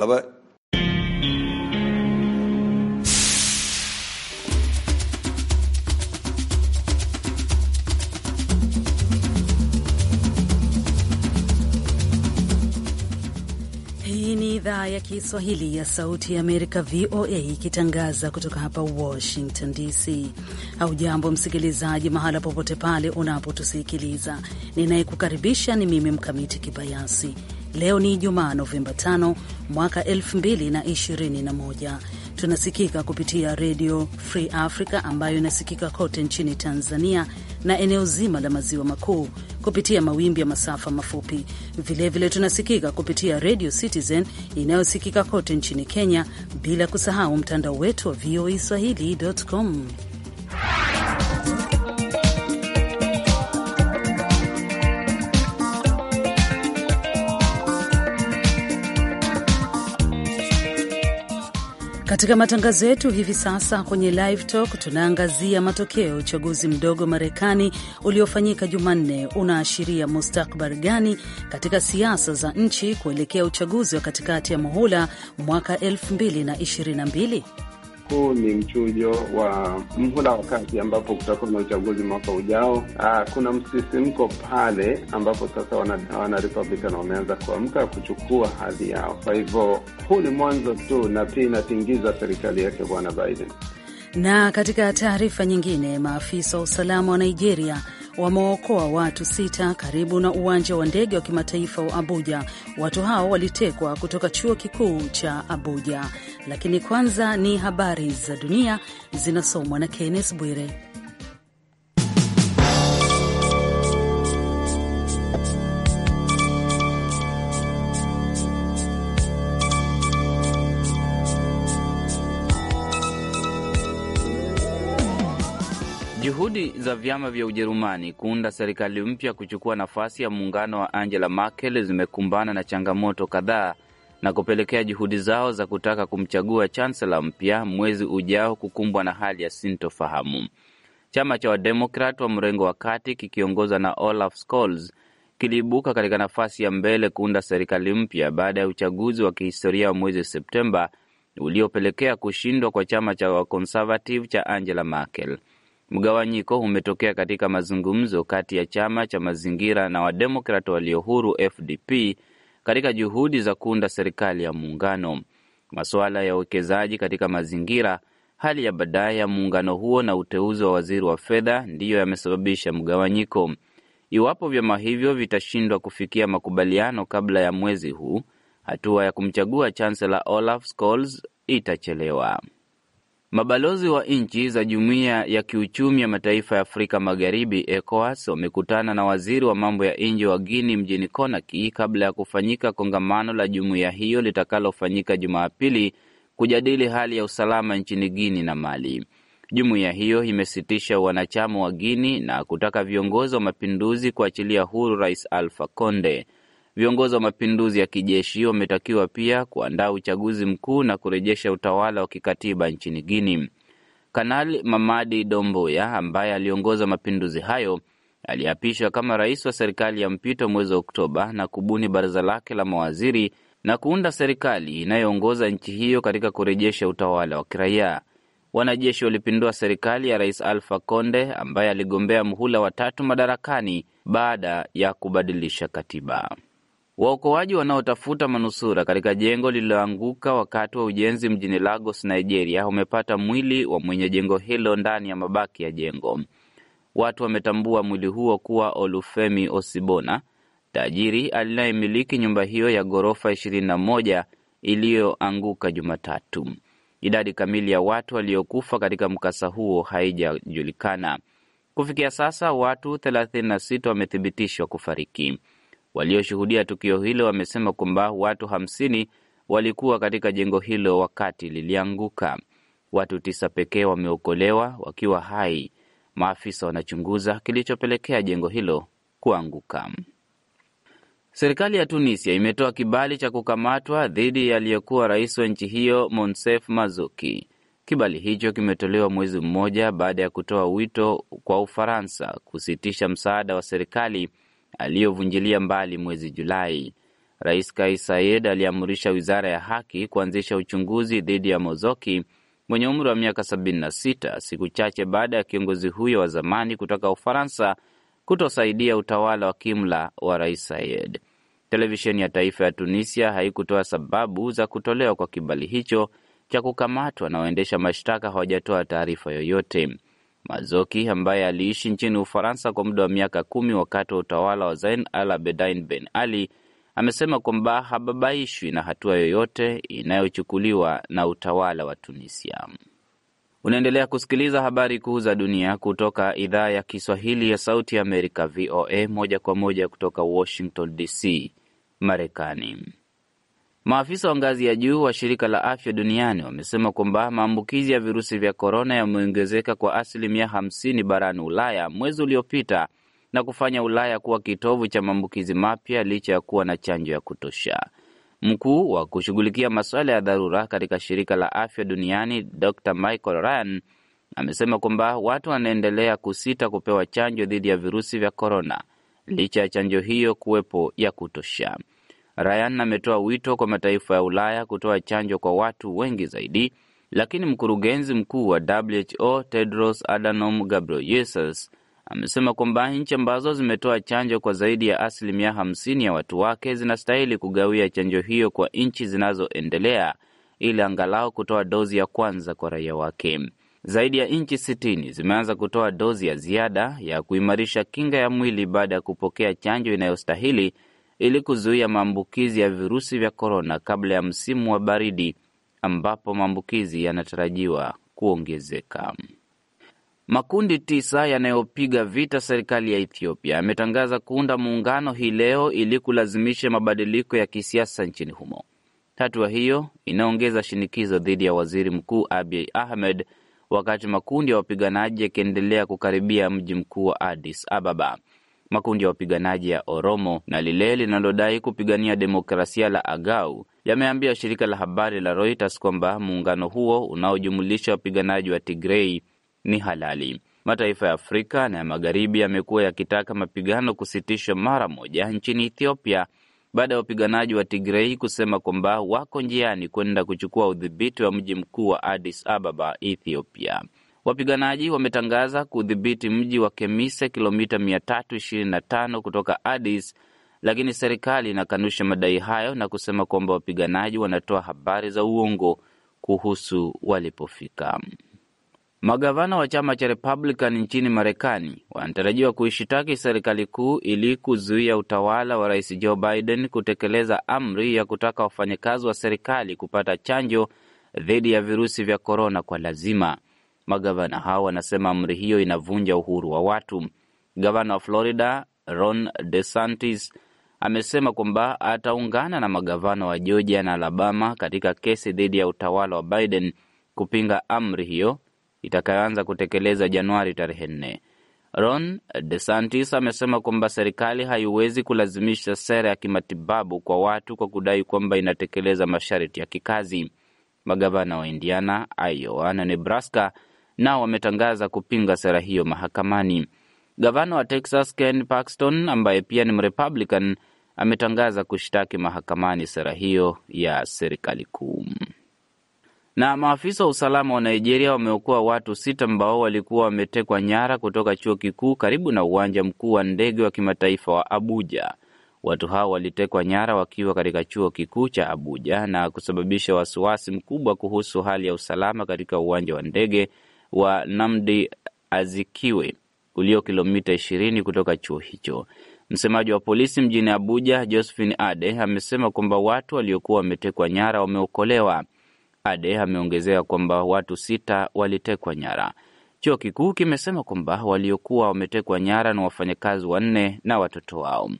laba Hii ni idhaa ya Kiswahili ya Sauti ya Amerika, VOA, ikitangaza kutoka hapa Washington DC. Haujambo msikilizaji, mahala popote pale unapotusikiliza. Ninayekukaribisha ni mimi Mkamiti Kibayasi. Leo ni Ijumaa, Novemba 5 mwaka 2021. Tunasikika kupitia Redio Free Africa ambayo inasikika kote nchini Tanzania na eneo zima la maziwa makuu kupitia mawimbi ya masafa mafupi. Vilevile vile tunasikika kupitia Radio Citizen inayosikika kote nchini Kenya, bila kusahau mtandao wetu wa VOA e swahili.com. Katika matangazo yetu hivi sasa kwenye Live Talk tunaangazia matokeo ya uchaguzi mdogo Marekani uliofanyika Jumanne. Unaashiria mustakbali gani katika siasa za nchi kuelekea uchaguzi wa katikati ya muhula mwaka 2022? huu ni mchujo wa mhula wa kati, ambapo kutakuwa na uchaguzi mwaka ujao. Aa, ah, kuna msisimko pale ambapo sasa wana, wana Republican wameanza kuamka kuchukua hadhi yao. Kwa hivyo huu ni mwanzo tu, na pia inatingiza serikali yake Bwana Biden. Na katika taarifa nyingine, maafisa wa usalama wa Nigeria wameokoa watu sita karibu na uwanja wa ndege wa kimataifa wa Abuja. Watu hao walitekwa kutoka chuo kikuu cha Abuja. Lakini kwanza ni habari za dunia zinasomwa na Kenneth Bwire. Juhudi za vyama vya Ujerumani kuunda serikali mpya kuchukua nafasi ya muungano wa Angela Merkel zimekumbana na changamoto kadhaa na kupelekea juhudi zao za kutaka kumchagua chansela mpya mwezi ujao kukumbwa na hali ya sintofahamu. Chama cha Wademokrat wa mrengo wa kati kikiongozwa na Olaf Scholz kiliibuka katika nafasi ya mbele kuunda serikali mpya baada ya uchaguzi wa kihistoria wa mwezi Septemba uliopelekea kushindwa kwa chama cha wakonservative cha Angela Merkel. Mgawanyiko umetokea katika mazungumzo kati ya chama cha mazingira na Wademokrat walio huru FDP katika juhudi za kuunda serikali ya muungano. Masuala ya uwekezaji katika mazingira, hali ya baadaye ya muungano huo na uteuzi wa waziri wa fedha ndiyo yamesababisha mgawanyiko. Iwapo vyama hivyo vitashindwa kufikia makubaliano kabla ya mwezi huu, hatua ya kumchagua Chancellor Olaf Scholz itachelewa. Mabalozi wa nchi za Jumuiya ya Kiuchumi ya Mataifa ya Afrika Magharibi ECOWAS wamekutana na waziri wa mambo ya nje wa guini mjini conaki kabla ya kufanyika kongamano la jumuiya hiyo litakalofanyika Jumapili kujadili hali ya usalama nchini guini na Mali. Jumuiya hiyo imesitisha wanachama wa guini na kutaka viongozi wa mapinduzi kuachilia huru Rais alfa Conde. Viongozi wa mapinduzi ya kijeshi wametakiwa pia kuandaa uchaguzi mkuu na kurejesha utawala wa kikatiba nchini Guini. Kanali Mamadi Domboya ambaye aliongoza mapinduzi hayo aliapishwa kama rais wa serikali ya mpito mwezi Oktoba na kubuni baraza lake la mawaziri na kuunda serikali inayoongoza nchi hiyo katika kurejesha utawala wa kiraia. Wanajeshi walipindua serikali ya rais alfa Conde ambaye aligombea mhula wa tatu madarakani baada ya kubadilisha katiba. Waokoaji wanaotafuta manusura katika jengo lililoanguka wakati wa ujenzi mjini Lagos, Nigeria, wamepata mwili wa mwenye jengo hilo ndani ya mabaki ya jengo. Watu wametambua mwili huo kuwa Olufemi Osibona, tajiri aliyemiliki nyumba hiyo ya ghorofa 21 iliyoanguka Jumatatu. Idadi kamili ya watu waliokufa katika mkasa huo haijajulikana. Kufikia sasa, watu 36 wamethibitishwa kufariki. Walioshuhudia tukio hilo wamesema kwamba watu hamsini walikuwa katika jengo hilo wakati lilianguka. Watu tisa pekee wameokolewa wakiwa hai. Maafisa wanachunguza kilichopelekea jengo hilo kuanguka. Serikali ya Tunisia imetoa kibali cha kukamatwa dhidi ya aliyekuwa rais wa nchi hiyo Monsef Mazuki. Kibali hicho kimetolewa mwezi mmoja baada ya kutoa wito kwa Ufaransa kusitisha msaada wa serikali aliyovunjilia mbali mwezi Julai. Rais Kais Saied aliamrisha wizara ya haki kuanzisha uchunguzi dhidi ya Mozoki mwenye umri wa miaka 76 siku chache baada ya kiongozi huyo wa zamani kutoka Ufaransa kutosaidia utawala wa kimla wa Rais Saied. Televisheni ya taifa ya Tunisia haikutoa sababu za kutolewa kwa kibali hicho cha kukamatwa na waendesha mashtaka hawajatoa taarifa yoyote. Mazoki ambaye aliishi nchini Ufaransa kwa muda wa miaka kumi wakati wa utawala wa Zain Al Abedain Ben Ali amesema kwamba hababaishwi na hatua yoyote inayochukuliwa na utawala wa Tunisia. Unaendelea kusikiliza habari kuu za dunia kutoka idhaa ya Kiswahili ya Sauti ya Amerika, VOA, moja kwa moja kutoka Washington DC, Marekani. Maafisa wa ngazi ya juu wa shirika la afya duniani wamesema kwamba maambukizi ya virusi vya korona yameongezeka kwa asilimia 50 barani Ulaya mwezi uliopita na kufanya Ulaya kuwa kitovu cha maambukizi mapya licha ya kuwa na chanjo ya kutosha. Mkuu wa kushughulikia masuala ya dharura katika shirika la afya duniani Dr Michael Ryan amesema kwamba watu wanaendelea kusita kupewa chanjo dhidi ya virusi vya korona licha ya chanjo hiyo kuwepo ya kutosha. Ryan ametoa wito kwa mataifa ya Ulaya kutoa chanjo kwa watu wengi zaidi, lakini mkurugenzi mkuu wa WHO Tedros Adhanom Ghebreyesus amesema kwamba nchi ambazo zimetoa chanjo kwa zaidi ya asilimia 50 ya watu wake zinastahili kugawia chanjo hiyo kwa nchi zinazoendelea ili angalau kutoa dozi ya kwanza kwa raia wake. Zaidi ya nchi 60 zimeanza kutoa dozi ya ziada ya kuimarisha kinga ya mwili baada ya kupokea chanjo inayostahili ili kuzuia maambukizi ya virusi vya korona kabla ya msimu wa baridi ambapo maambukizi yanatarajiwa kuongezeka. Makundi tisa yanayopiga vita serikali ya Ethiopia yametangaza kuunda muungano hii leo ili kulazimisha mabadiliko ya kisiasa nchini humo. Hatua hiyo inaongeza shinikizo dhidi ya waziri mkuu Abiy Ahmed, wakati makundi ya wapiganaji yakiendelea kukaribia mji mkuu wa Addis Ababa. Makundi ya wapiganaji ya Oromo na lile linalodai kupigania demokrasia la Agau yameambia shirika la habari la Reuters kwamba muungano huo unaojumulisha wapiganaji wa Tigrei ni halali. Mataifa ya Afrika na ya Magharibi yamekuwa yakitaka mapigano kusitishwa mara moja nchini Ethiopia baada ya wapiganaji wa Tigrei kusema kwamba wako njiani kwenda kuchukua udhibiti wa mji mkuu wa Addis Ababa, Ethiopia. Wapiganaji wametangaza kudhibiti mji wa Kemise, kilomita 325 kutoka adis lakini serikali inakanusha madai hayo na kusema kwamba wapiganaji wanatoa habari za uongo kuhusu walipofika. Magavana wa chama cha Republican nchini Marekani wanatarajiwa kuishitaki serikali kuu ili kuzuia utawala wa rais Joe Biden kutekeleza amri ya kutaka wafanyakazi wa serikali kupata chanjo dhidi ya virusi vya korona kwa lazima. Magavana hao wanasema amri hiyo inavunja uhuru wa watu. Gavana wa Florida Ron DeSantis amesema kwamba ataungana na magavana wa Georgia na Alabama katika kesi dhidi ya utawala wa Biden kupinga amri hiyo itakayoanza kutekeleza Januari tarehe nne. Ron DeSantis amesema kwamba serikali haiwezi kulazimisha sera ya kimatibabu kwa watu kwa kudai kwamba inatekeleza masharti ya kikazi. Magavana wa Indiana, Iowa na Nebraska nao wametangaza kupinga sera hiyo mahakamani. Gavana wa Texas Ken Paxton ambaye pia ni Mrepublican ametangaza kushtaki mahakamani sera hiyo ya serikali kuu. Na maafisa wa usalama wa Nigeria wameokoa watu sita ambao walikuwa wametekwa nyara kutoka chuo kikuu karibu na uwanja mkuu wa ndege wa kimataifa wa Abuja. Watu hao walitekwa nyara wakiwa katika chuo kikuu cha Abuja na kusababisha wasiwasi mkubwa kuhusu hali ya usalama katika uwanja wa ndege wa Namdi Azikiwe ulio kilomita 20 kutoka chuo hicho. Msemaji wa polisi mjini Abuja, Josephine Ade, amesema kwamba watu waliokuwa wametekwa nyara wameokolewa. Ade ameongezea kwamba watu sita walitekwa nyara. Chuo kikuu kimesema kwamba waliokuwa wametekwa nyara na wafanyakazi wanne na watoto wao.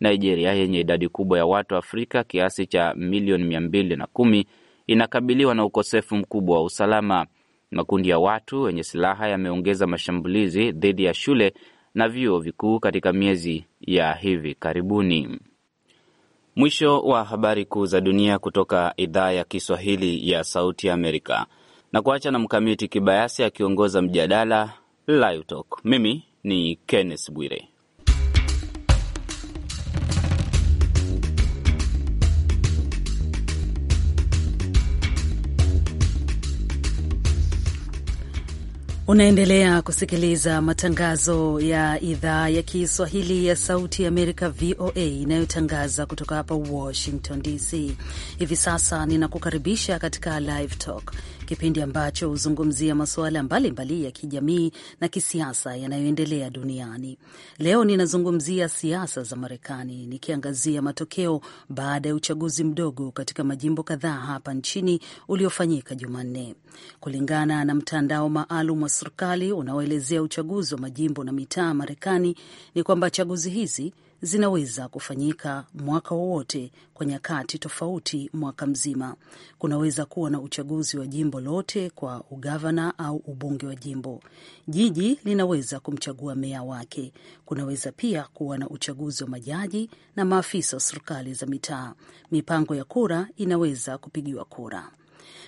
Nigeria yenye idadi kubwa ya watu Afrika kiasi cha milioni mia mbili na kumi inakabiliwa na ukosefu mkubwa wa usalama. Makundi ya watu wenye silaha yameongeza mashambulizi dhidi ya shule na vyuo vikuu katika miezi ya hivi karibuni. Mwisho wa habari kuu za dunia kutoka idhaa ya Kiswahili ya Sauti Amerika, na kuacha na Mkamiti Kibayasi akiongoza mjadala Live Talk. Mimi ni Kenneth Bwire. Unaendelea kusikiliza matangazo ya idhaa ya Kiswahili ya Sauti ya Amerika, VOA, inayotangaza kutoka hapa Washington DC. Hivi sasa ninakukaribisha katika Live Talk kipindi ambacho huzungumzia masuala mbalimbali ya kijamii na kisiasa yanayoendelea duniani. Leo ninazungumzia siasa za Marekani, nikiangazia matokeo baada ya uchaguzi mdogo katika majimbo kadhaa hapa nchini uliofanyika Jumanne, kulingana na mtandao maalum wa serikali unaoelezea uchaguzi wa majimbo na mitaa Marekani. Ni kwamba chaguzi hizi zinaweza kufanyika mwaka wowote kwa nyakati tofauti mwaka mzima. Kunaweza kuwa na uchaguzi wa jimbo lote kwa ugavana au ubunge wa jimbo. Jiji linaweza kumchagua meya wake. Kunaweza pia kuwa na uchaguzi wa majaji na maafisa wa serikali za mitaa. Mipango ya kura inaweza kupigiwa kura.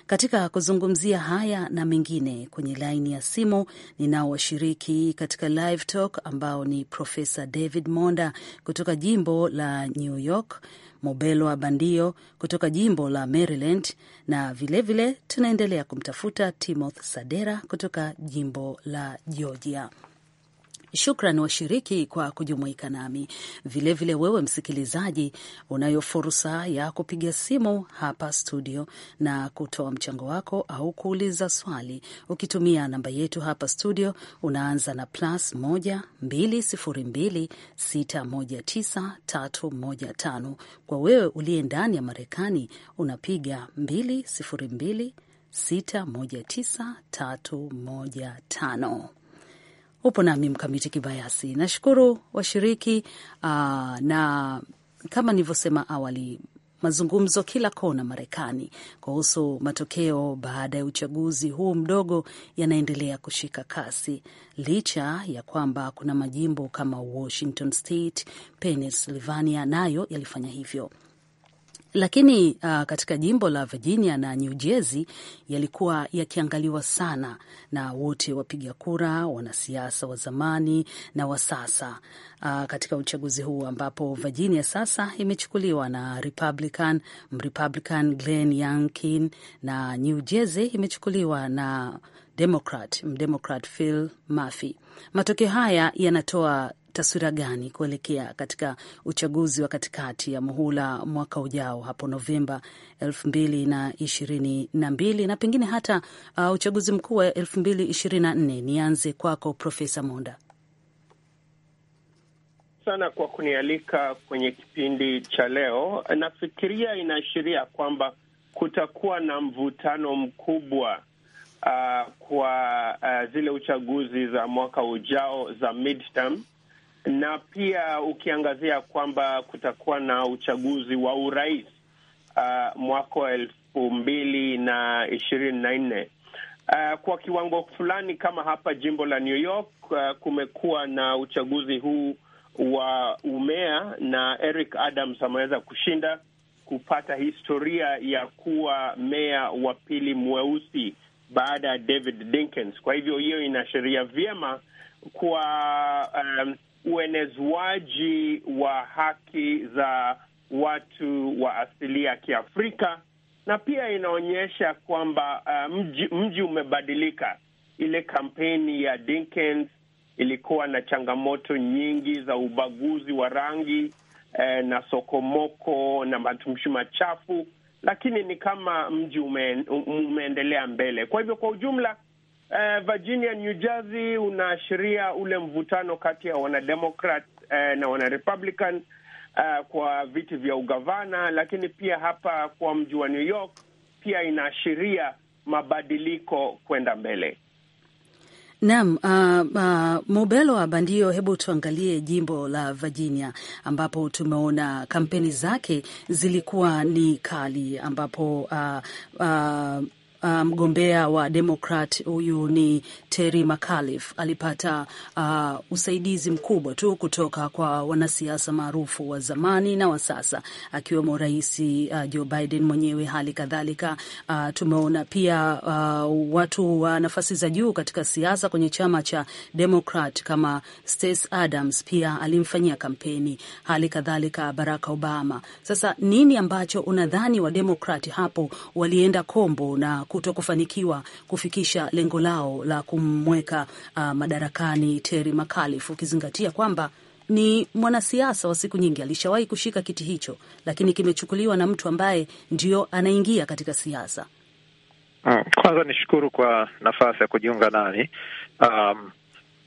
Katika kuzungumzia haya na mengine, kwenye laini ya simu ninao washiriki katika live talk ambao ni Profesa David Monda kutoka jimbo la New York, Mobelwa Bandio kutoka jimbo la Maryland na vilevile vile, tunaendelea kumtafuta Timothy Sadera kutoka jimbo la Georgia. Shukran washiriki kwa kujumuika nami. Vilevile vile wewe msikilizaji, unayo fursa ya kupiga simu hapa studio na kutoa mchango wako au kuuliza swali ukitumia namba yetu hapa studio, unaanza na plus 1 Kwa wewe uliye ndani ya Marekani unapiga 202 619 315. Upo nami Mkamiti Kibayasi. Nashukuru washiriki uh, na kama nilivyosema awali mazungumzo kila kona Marekani kuhusu matokeo baada ya uchaguzi huu mdogo yanaendelea kushika kasi, licha ya kwamba kuna majimbo kama Washington State, Pennsylvania nayo yalifanya hivyo. Lakini uh, katika jimbo la Virginia na New Jersey yalikuwa yakiangaliwa sana na wote wapiga kura, wanasiasa wa zamani na wa sasa uh, katika uchaguzi huu ambapo Virginia sasa imechukuliwa na Republican, Mrepublican Glenn Youngkin na New Jersey imechukuliwa na Democrat, Mdemocrat Phil Murphy. Matokeo haya yanatoa taswira gani kuelekea katika uchaguzi wa katikati ya muhula mwaka ujao hapo Novemba elfu mbili na ishirini na mbili na pengine hata uh, uchaguzi mkuu wa elfu mbili ishirini na nne Nianze kwako Profesa Monda sana kwa kunialika kwenye kipindi cha leo. Nafikiria inaashiria kwamba kutakuwa na mvutano mkubwa uh, kwa uh, zile uchaguzi za mwaka ujao za midterm na pia ukiangazia kwamba kutakuwa na uchaguzi wa urais uh, mwaka wa elfu mbili na ishirini na nne. Uh, kwa kiwango fulani kama hapa jimbo la New York uh, kumekuwa na uchaguzi huu wa umea na Eric Adams ameweza kushinda kupata historia ya kuwa meya wa pili mweusi baada ya David Dinkins. Kwa hivyo hiyo inaashiria vyema kwa um, uenezwaji wa haki za watu wa asilia ya Kiafrika, na pia inaonyesha kwamba uh, mji, mji umebadilika. Ile kampeni ya Dinkins ilikuwa na changamoto nyingi za ubaguzi wa rangi eh, na sokomoko na matumshi machafu, lakini ni kama mji ume, umeendelea mbele. Kwa hivyo kwa ujumla eh, Virginia, New Jersey unaashiria ule mvutano kati ya wanademokrat eh, na wanarepublican eh, kwa viti vya ugavana, lakini pia hapa kwa mji wa New York pia inaashiria mabadiliko kwenda mbele. Naam, uh, uh, Mobelo Abandio, Bandio, hebu tuangalie jimbo la Virginia ambapo tumeona kampeni zake zilikuwa ni kali ambapo uh, uh, Uh, mgombea um, wa Demokrat huyu ni Terry McAuliffe alipata uh, usaidizi mkubwa tu kutoka kwa wanasiasa maarufu wa zamani na wa sasa, akiwemo Rais uh, Joe Biden mwenyewe. Hali kadhalika uh, tumeona pia uh, watu wa uh, nafasi za juu katika siasa kwenye chama cha Demokrat kama Stacey Adams pia alimfanyia kampeni, hali kadhalika Barack Obama. Sasa nini ambacho unadhani wa Demokrat hapo walienda kombo na kuto kufanikiwa kufikisha lengo lao la kumweka uh, madarakani Terry McAuliffe, ukizingatia kwamba ni mwanasiasa wa siku nyingi, alishawahi kushika kiti hicho, lakini kimechukuliwa na mtu ambaye ndio anaingia katika siasa. Mm, kwanza nishukuru kwa nafasi ya kujiunga nani. Um,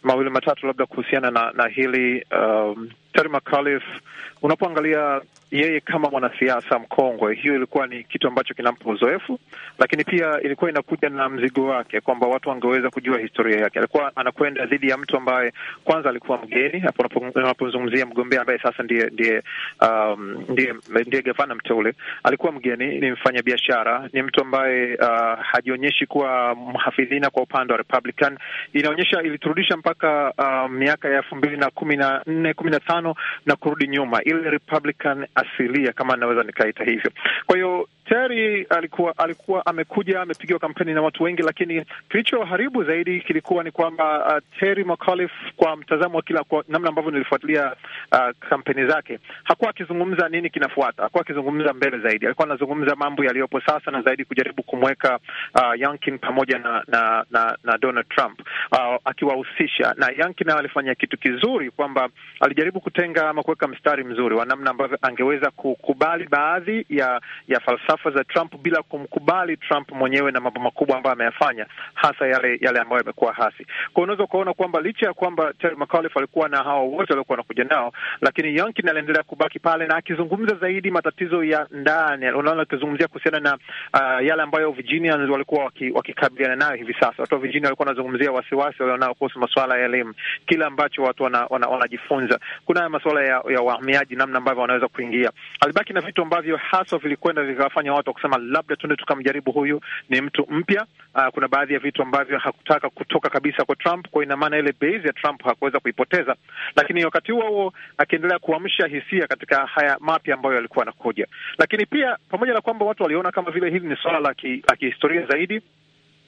mawili matatu labda kuhusiana na, na hili um, Terry McAuliffe unapoangalia yeye kama mwanasiasa mkongwe, hiyo ilikuwa ni kitu ambacho kinampa uzoefu, lakini pia ilikuwa inakuja na mzigo wake kwamba watu wangeweza kujua historia yake. Alikuwa anakwenda dhidi ya mtu ambaye kwanza alikuwa mgeni hapo, unapozungumzia mgombea ambaye sasa ndiye ndiye, um, ndiye, ndiye gavana mteule. Alikuwa mgeni, ni mfanyabiashara, ni mtu ambaye uh, hajionyeshi kuwa mhafidhina kwa upande wa Republican. Inaonyesha iliturudisha mpaka uh, miaka ya elfu mbili na kumi na nne kumi na tano na kurudi nyuma yule Republican asilia, kama naweza nikaita hivyo. Kwa hiyo tayari alikuwa alikuwa amekuja amepigiwa kampeni na watu wengi, lakini kilichoharibu zaidi kilikuwa ni kwamba uh, Terry McAuliffe kwa mtazamo wa kila kwa namna ambavyo nilifuatilia uh, kampeni zake, hakuwa akizungumza nini kinafuata, hakuwa akizungumza mbele zaidi, alikuwa anazungumza mambo yaliyopo sasa na zaidi kujaribu kumweka uh, Youngkin pamoja na na, na na Donald Trump uh, akiwahusisha na Youngkin nayo alifanya kitu kizuri kwamba alijaribu kutenga ama kuweka mstari mzuri wa namna ambavyo angeweza kukubali baadhi ya ya falsafa falsafa za Trump bila kumkubali Trump mwenyewe na mambo makubwa ambayo ameyafanya, hasa yale yale ambayo yamekuwa hasi. Kwa unaweza ukaona kwamba licha ya kwamba Terry McAuliffe alikuwa na hawa wote waliokuwa wanakuja nao, lakini Youngkin aliendelea kubaki pale na akizungumza zaidi matatizo ya ndani, unaona, akizungumzia kuhusiana na uh, yale ambayo Virginia walikuwa wakikabiliana waki nayo hivi sasa. Watu wa Virginia walikuwa wanazungumzia wasiwasi walionao kuhusu masuala ya elimu, kile ambacho watu wanajifunza wana, wana kuna haya masuala ya, ya wahamiaji, namna ambavyo wanaweza kuingia. Alibaki na vitu ambavyo hasa vilikwenda vikawafanya kufanya watu wakusema labda tuende tukamjaribu huyu, ni mtu mpya. Uh, kuna baadhi ya vitu ambavyo hakutaka kutoka kabisa kwa Trump, kwa ina maana ile base ya Trump hakuweza kuipoteza, lakini wakati huo huo akiendelea kuamsha hisia katika haya mapya ambayo yalikuwa yanakuja. Lakini pia pamoja na kwamba watu waliona kama vile hili ni swala la kihistoria zaidi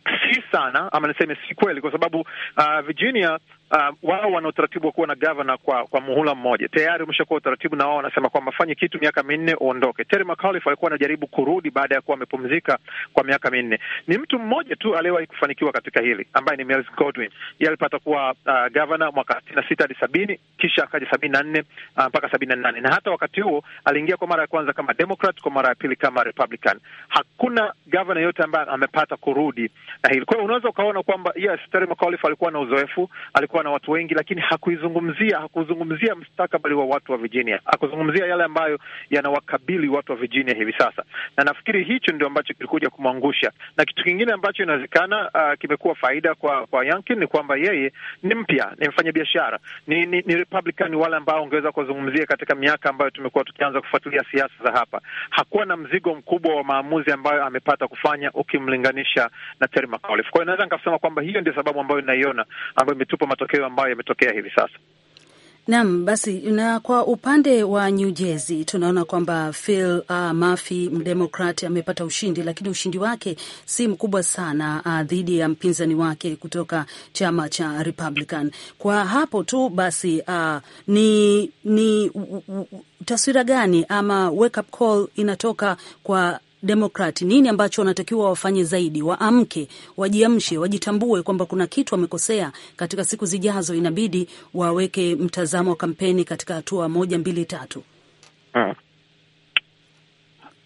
si sana ama niseme si kweli, kwa sababu uh, Virginia uh, wao wana utaratibu wa kuwa na gavana kwa kwa muhula mmoja. Tayari umeshakuwa utaratibu, na wao wanasema kwamba fanye kitu miaka minne uondoke. Terry McAuliffe alikuwa anajaribu kurudi baada ya kuwa amepumzika kwa miaka minne. Ni mtu mmoja tu aliyewahi kufanikiwa katika hili ambaye ni Miles Godwin. Yeye alipata kuwa uh, gavana mwaka sitini na sita hadi sabini kisha akaja sabini na nne uh, mpaka sabini na nane na hata wakati huo aliingia kwa mara ya kwanza kama Democrat, kwa mara ya pili kama Republican. Hakuna gavana yote ambaye amepata kurudi na hili. Kwa hiyo unaweza ukaona kwamba yes, Terry McAuliffe alikuwa na uzoefu, alikuwa kulikuwa na watu wengi, lakini hakuizungumzia, hakuzungumzia mstakabali wa watu wa Virginia, hakuzungumzia yale ambayo yanawakabili watu wa Virginia hivi sasa, na nafikiri hicho ndio ambacho kilikuja kumwangusha. Na kitu kingine ambacho inawezekana uh, kimekuwa faida kwa kwa Youngkin ni kwamba yeye ni mpya, ni mfanyabiashara, ni, ni, ni Republican, wale ambao ungeweza kuwazungumzia katika miaka ambayo tumekuwa tukianza kufuatilia siasa za hapa. Hakuwa na mzigo mkubwa wa maamuzi ambayo amepata kufanya ukimlinganisha na Terry McAuliffe. Kwa hiyo naweza nikasema kwamba hiyo ndio sababu ambayo inaiona ambayo imetupa matokeo ambayo yametokea hivi sasa. Naam, basi na kwa upande wa New Jersey tunaona kwamba Phil uh, Murphy mdemokrat amepata ushindi, lakini ushindi wake si mkubwa sana uh, dhidi ya mpinzani wake kutoka chama cha Republican. Kwa hapo tu basi uh, ni, ni u, u, taswira gani ama wake up call inatoka kwa demokrati nini ambacho wanatakiwa wafanye zaidi? Waamke, wajiamshe, wajitambue kwamba kuna kitu wamekosea. Katika siku zijazo, inabidi waweke mtazamo wa kampeni katika hatua moja, mbili, tatu. Ah.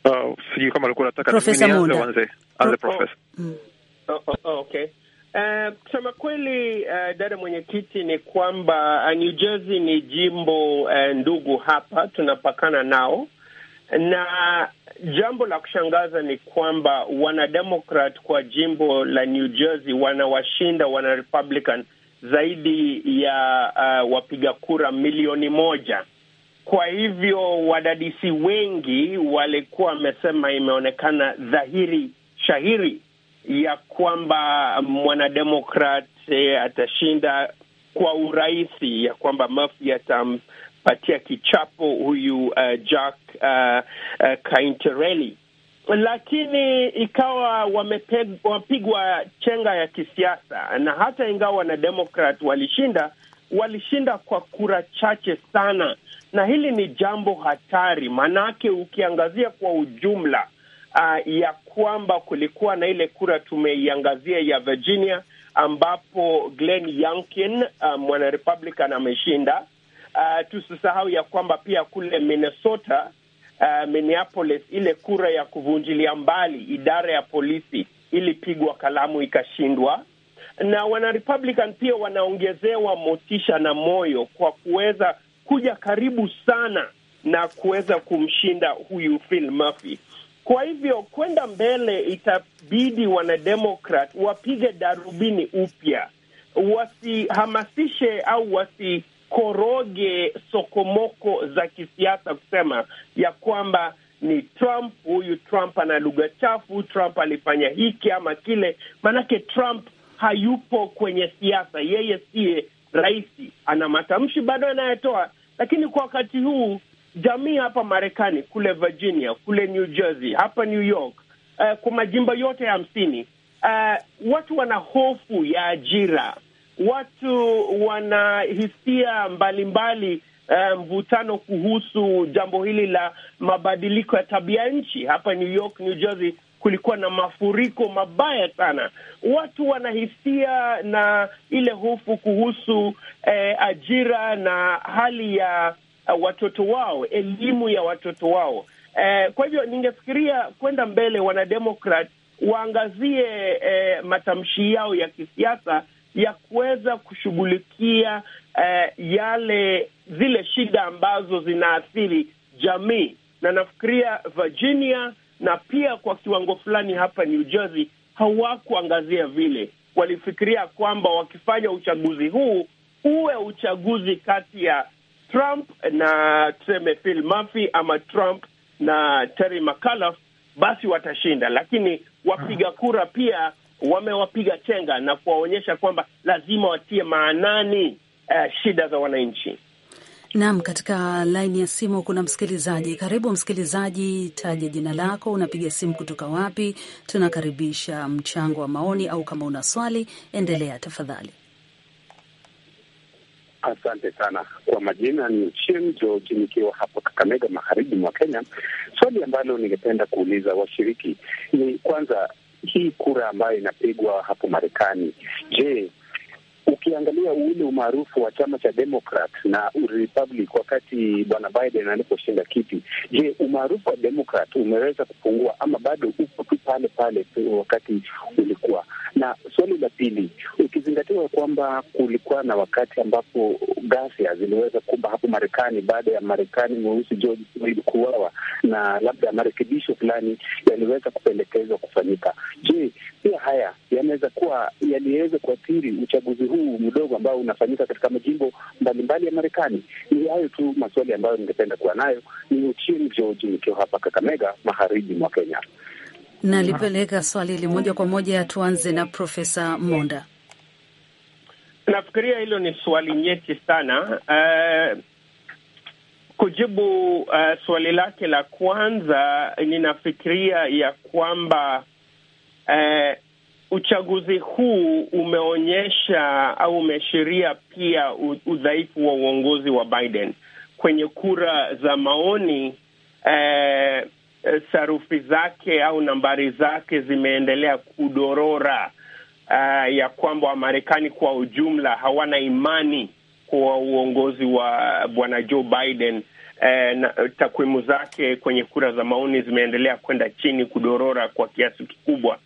Oh, sijui kama alikuwa Profesa anze oh, oh. Profesa. Mm. Okay. Uh, kusema kweli uh, dada mwenyekiti, ni kwamba uh, New Jersey ni jimbo uh, ndugu hapa tunapakana nao na jambo la kushangaza ni kwamba wanademokrat kwa jimbo la New Jersey wanawashinda wana zaidi ya uh, wapiga kura milioni moja. Kwa hivyo wadadisi wengi walikuwa wamesema, imeonekana dhahiri shahiri ya kwamba mwanademokrat eh, atashinda kwa urahisi, ya kwamba Murphy atam kumpatia kichapo huyu uh, Jack uh, uh, Kaintereli, lakini ikawa wamepigwa chenga ya kisiasa, na hata ingawa wanademokrat walishinda, walishinda kwa kura chache sana, na hili ni jambo hatari, maanake ukiangazia kwa ujumla uh, ya kwamba kulikuwa na ile kura tumeiangazia ya Virginia ambapo Glenn Youngkin uh, mwana Republican ameshinda Uh, tusisahau ya kwamba pia kule Minnesota, uh, Minneapolis, ile kura ya kuvunjilia mbali idara ya polisi ilipigwa kalamu ikashindwa, na wanarepublican pia wanaongezewa motisha na moyo kwa kuweza kuja karibu sana na kuweza kumshinda huyu Phil Murphy. Kwa hivyo kwenda mbele, itabidi wanademokrat wapige darubini upya, wasihamasishe au wasi ikoroge sokomoko za kisiasa, kusema ya kwamba ni Trump, huyu Trump ana lugha chafu, Trump alifanya hiki ama kile. Maanake Trump hayupo kwenye siasa, yeye siye raisi, ana matamshi bado anayetoa, lakini kwa wakati huu jamii hapa Marekani, kule Virginia, kule New Jersey, hapa New York, uh, kwa majimbo yote hamsini, uh, watu wana hofu ya ajira watu wana hisia mbalimbali eh, mvutano um, kuhusu jambo hili la mabadiliko ya tabia nchi. Hapa New York, New Jersey kulikuwa na mafuriko mabaya sana. Watu wanahisia na ile hofu kuhusu eh, ajira na hali ya uh, watoto wao, elimu ya watoto wao. Eh, kwa hivyo ningefikiria kwenda mbele, wanademokrat waangazie eh, matamshi yao ya kisiasa ya kuweza kushughulikia eh, yale zile shida ambazo zinaathiri jamii, na nafikiria Virginia na pia kwa kiwango fulani hapa New Jersey hawakuangazia vile. Walifikiria kwamba wakifanya uchaguzi huu uwe uchaguzi kati ya Trump na tuseme Phil Murphy ama Trump na Terry McAuliffe, basi watashinda, lakini wapiga kura pia wamewapiga chenga na kuwaonyesha kwamba lazima watie maanani uh, shida za wananchi. Naam, katika laini ya simu kuna msikilizaji. Karibu msikilizaji, taja jina lako, unapiga simu kutoka wapi? Tunakaribisha mchango wa maoni au kama una swali endelea tafadhali. Asante sana kwa majina, ni Chin George nikiwa hapo Kakamega, magharibi mwa Kenya. Swali ambalo ningependa kuuliza washiriki ni kwanza, hii kura ambayo inapigwa hapo Marekani, je, ukiangalia ule umaarufu wa chama cha demokrat na Republic wakati bwana Biden aliposhinda kiti, je, umaarufu wa Demokrat umeweza kupungua ama bado upo tu pale pale wakati na swali la pili, ukizingatiwa kwamba kulikuwa na wakati ambapo ghasia ziliweza kumba hapo Marekani baada ya Marekani mweusi George Floyd kuuawa, na labda marekebisho fulani yaliweza kupendekezwa kufanyika. Je, pia haya yanaweza kuwa yaliweza kuathiri uchaguzi huu mdogo ambao unafanyika katika majimbo mbalimbali ya Marekani? Ni hayo tu maswali ambayo ningependa kuwa nayo. Ni Ochieng George nikiwa hapa Kakamega, magharibi mwa Kenya nalipeleka swali hili moja kwa moja, tuanze na Profesa Monda. Nafikiria hilo ni swali nyeti sana. Uh, kujibu uh, swali lake la kwanza, ninafikiria ya kwamba uh, uchaguzi huu umeonyesha au umeashiria pia udhaifu wa uongozi wa Biden kwenye kura za maoni. Uh, Eh, sarufi zake au nambari zake zimeendelea kudorora, uh, ya kwamba Wamarekani kwa ujumla hawana imani kwa uongozi wa bwana Joe Biden. Uh, takwimu zake kwenye kura za maoni zimeendelea kwenda chini, kudorora kwa kiasi kikubwa,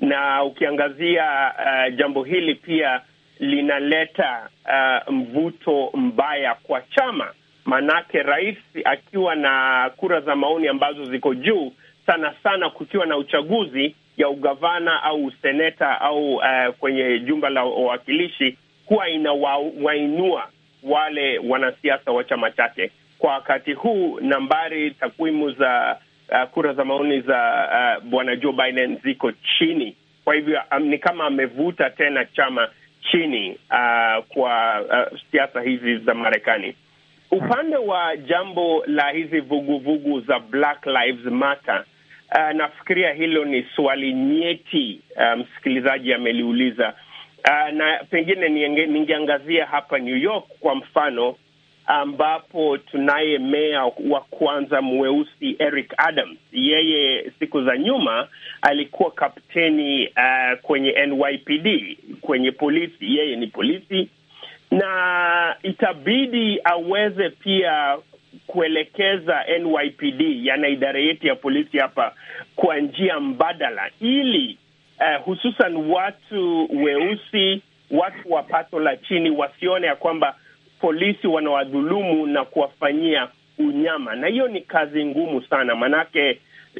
na ukiangazia uh, jambo hili pia linaleta uh, mvuto mbaya kwa chama Manake rais akiwa na kura za maoni ambazo ziko juu sana sana, kukiwa na uchaguzi ya ugavana au useneta au uh, kwenye jumba la wawakilishi, huwa inawainua wale wanasiasa wa chama chake. Kwa wakati huu nambari takwimu za uh, kura za maoni za uh, bwana Joe Biden ziko chini, kwa hivyo um, ni kama amevuta tena chama chini uh, kwa uh, siasa hizi za Marekani. Upande wa jambo la hizi vuguvugu vugu za Black Lives Matter, uh, nafikiria hilo ni swali nyeti uh, msikilizaji um, ameliuliza uh, na pengine ningeangazia hapa New York kwa mfano, ambapo tunaye meya wa kwanza mweusi Eric Adams. Yeye siku za nyuma alikuwa kapteni uh, kwenye NYPD, kwenye polisi. Yeye ni polisi na itabidi aweze pia kuelekeza NYPD, yana idara yetu ya polisi hapa, kwa njia mbadala ili uh, hususan watu weusi, watu wa pato la chini wasione ya kwamba polisi wanawadhulumu na kuwafanyia unyama, na hiyo ni kazi ngumu sana, manake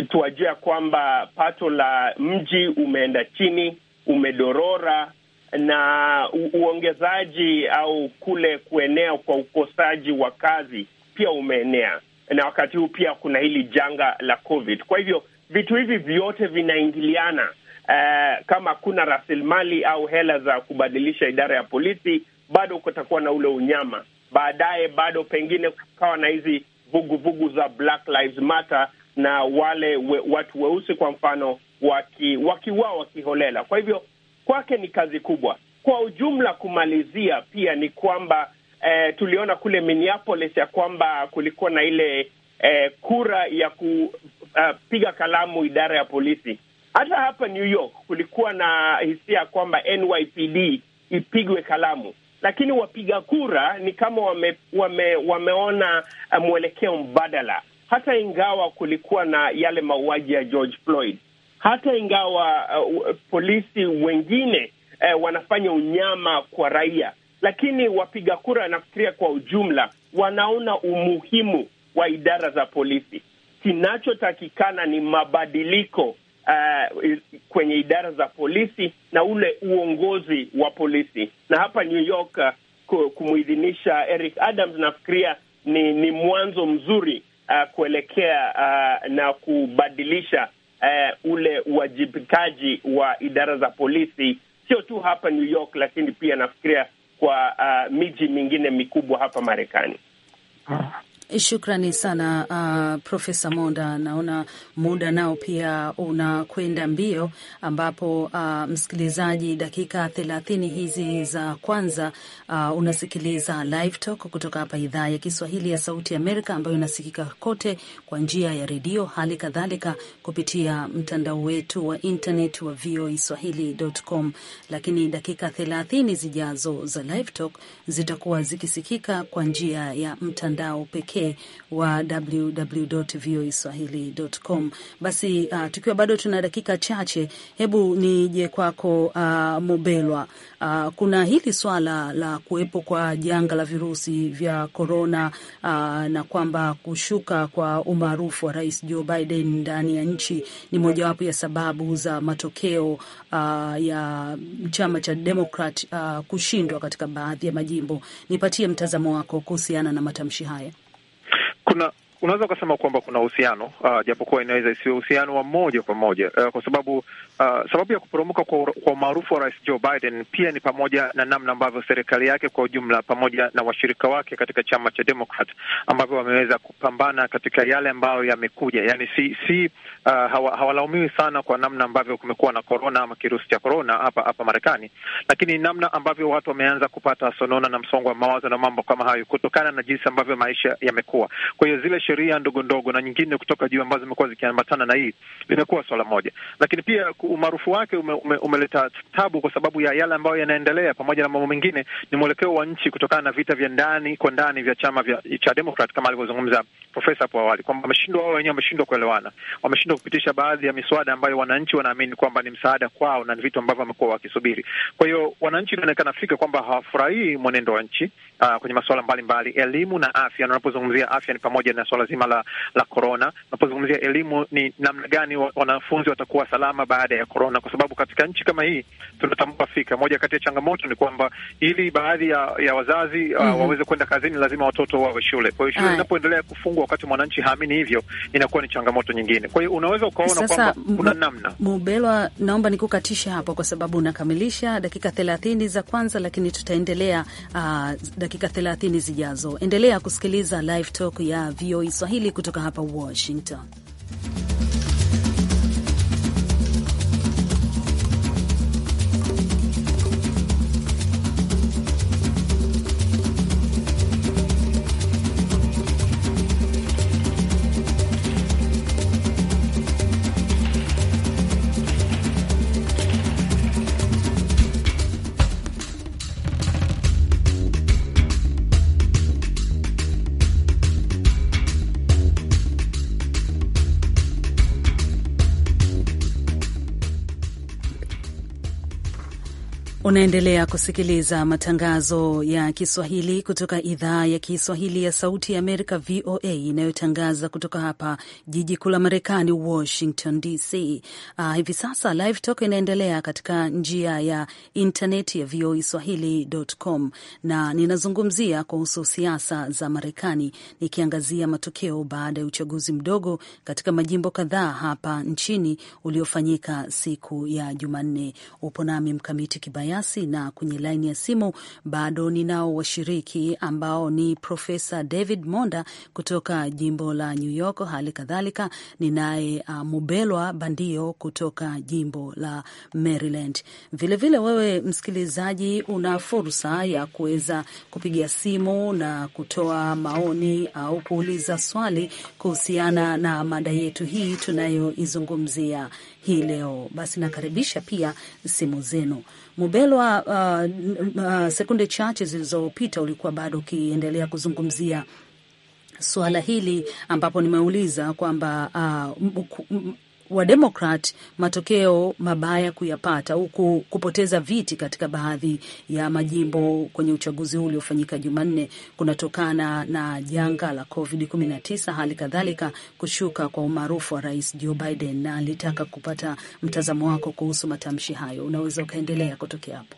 tuwajua kwamba pato la mji umeenda chini, umedorora na uongezaji au kule kuenea kwa ukosaji wa kazi pia umeenea, na wakati huu pia kuna hili janga la COVID. Kwa hivyo vitu hivi vyote vinaingiliana. Uh, kama kuna rasilimali au hela za kubadilisha idara ya polisi, bado kutakuwa na ule unyama baadaye, bado pengine kukawa na hizi vuguvugu za Black Lives Matter na wale we, watu weusi kwa mfano waki wakiholela kwa hivyo kwake ni kazi kubwa. Kwa ujumla, kumalizia pia ni kwamba eh, tuliona kule Minneapolis ya kwamba kulikuwa na ile eh, kura ya kupiga eh, uh, kalamu idara ya polisi. Hata hapa New York kulikuwa na hisia ya kwamba NYPD ipigwe kalamu, lakini wapiga kura ni kama wame, wame, wameona eh, mwelekeo mbadala, hata ingawa kulikuwa na yale mauaji ya George Floyd hata ingawa uh, polisi wengine uh, wanafanya unyama kwa raia, lakini wapiga kura wanafikiria kwa ujumla wanaona umuhimu wa idara za polisi. Kinachotakikana ni mabadiliko Uh, kwenye idara za polisi na ule uongozi wa polisi. Na hapa New York uh, kumuidhinisha Eric Adams nafikiria ni, ni mwanzo mzuri uh, kuelekea uh, na kubadilisha eh, ule uwajibikaji wa idara za polisi, sio tu hapa New York, lakini pia nafikiria kwa uh, miji mingine mikubwa hapa Marekani. Ah. Shukrani sana uh, Profesa Monda. Naona muda nao pia unakwenda mbio, ambapo uh, msikilizaji, dakika thelathini hizi za kwanza uh, unasikiliza Live Talk kutoka hapa idhaa ya Kiswahili ya Sauti Amerika, ambayo inasikika kote kwa njia ya redio, hali kadhalika kupitia mtandao wetu wa internet wa voa swahilicom Lakini dakika thelathini zijazo za Live Talk zitakuwa zikisikika kwa njia ya mtandao pekee wake wa www.voaswahili.com. Basi uh, tukiwa bado tuna dakika chache, hebu nije kwako uh, Mobelwa. Uh, kuna hili swala la kuwepo kwa janga la virusi vya korona uh, na kwamba kushuka kwa umaarufu wa Rais Joe Biden ndani ya nchi ni mojawapo ya sababu za matokeo uh, ya chama cha Demokrat uh, kushindwa katika baadhi ya majimbo. Nipatie mtazamo wako kuhusiana na matamshi haya kuna unaweza ukasema kwamba kuna uhusiano uh, japokuwa inaweza isiwe uhusiano wa moja kwa moja uh, kwa sababu Uh, sababu ya kuporomoka kwa, kwa umaarufu wa Rais Joe Biden pia ni pamoja na namna ambavyo serikali yake kwa ujumla pamoja na washirika wake katika chama cha Democrat ambavyo wameweza kupambana katika yale ambayo yamekuja, yani si, si uh, hawalaumiwi hawa sana kwa namna ambavyo kumekuwa na korona ama kirusi cha korona hapa hapa Marekani, lakini namna ambavyo watu wameanza kupata sonona na msongo wa mawazo na mambo kama hayo kutokana na jinsi ambavyo maisha yamekuwa. Kwa hiyo zile sheria ndogo ndogo na nyingine kutoka juu ambazo zimekuwa zikiambatana na hii limekuwa swala moja, lakini pia ku umaarufu wake umeleta ume, umeleta tabu kwa sababu ya yale ambayo yanaendelea, pamoja na mambo mengine, ni mwelekeo wa nchi kutokana na vita vya ndani kwa ndani vya chama vya, cha Democrat kama alivyozungumza profesa hapo awali kwamba wameshindwa wao wenyewe, wameshindwa kuelewana, wameshindwa kupitisha baadhi ya miswada ambayo wananchi wanaamini kwamba ni msaada kwao na ni vitu ambavyo wamekuwa wakisubiri. Kwa hiyo wananchi inaonekana fika kwamba hawafurahii mwenendo wa nchi uh, kwenye masuala mbalimbali, elimu na afya. Na unapozungumzia afya ni pamoja na swala zima la la korona. Unapozungumzia elimu ni namna gani wanafunzi watakuwa salama baada ya korona, kwa sababu katika nchi kama hii tunatambua fika, moja kati ya changamoto ni kwamba ili baadhi ya, ya wazazi uh, mm -hmm. waweze kwenda kazini, lazima watoto wawe shule. Kwa hiyo shule inapoendelea kufungwa wakati mwananchi haamini hivyo, inakuwa ni changamoto nyingine. Kwa hiyo unaweza ukaona kwamba kuna namna. Mubelwa, naomba nikukatisha hapo kwa sababu unakamilisha dakika thelathini za kwanza, lakini tutaendelea uh, dakika 30 zijazo. Endelea kusikiliza Live Talk ya VOA e Swahili kutoka hapa Washington. Unaendelea kusikiliza matangazo ya Kiswahili kutoka idhaa ya Kiswahili ya Sauti ya Amerika, VOA, inayotangaza kutoka hapa jiji kuu la Marekani, Washington DC. Uh, ah, hivi sasa Live Talk inaendelea katika njia ya intaneti ya VOA swahili.com, na ninazungumzia kuhusu siasa za Marekani, nikiangazia matokeo baada ya uchaguzi mdogo katika majimbo kadhaa hapa nchini uliofanyika siku ya Jumanne. Upo nami Mkamiti Kibaya nasi na kwenye laini ya simu bado ninao washiriki ambao ni Profesa David Monda kutoka jimbo la New York, hali kadhalika ninaye uh, Mubelwa Bandio kutoka jimbo la Maryland. Vilevile vile wewe msikilizaji, una fursa ya kuweza kupiga simu na kutoa maoni au kuuliza swali kuhusiana na mada yetu hii tunayoizungumzia hii leo. Basi nakaribisha pia simu zenu. Mubelwa, uh, uh, sekunde chache zilizopita ulikuwa bado ukiendelea kuzungumzia suala hili ambapo nimeuliza kwamba uh, Wademokrat matokeo mabaya kuyapata huku kupoteza viti katika baadhi ya majimbo kwenye uchaguzi huu uliofanyika Jumanne kunatokana na janga la Covid 19, hali kadhalika kushuka kwa umaarufu wa Rais Joe Biden, na alitaka kupata mtazamo wako kuhusu matamshi hayo. Unaweza ukaendelea kutokea hapo.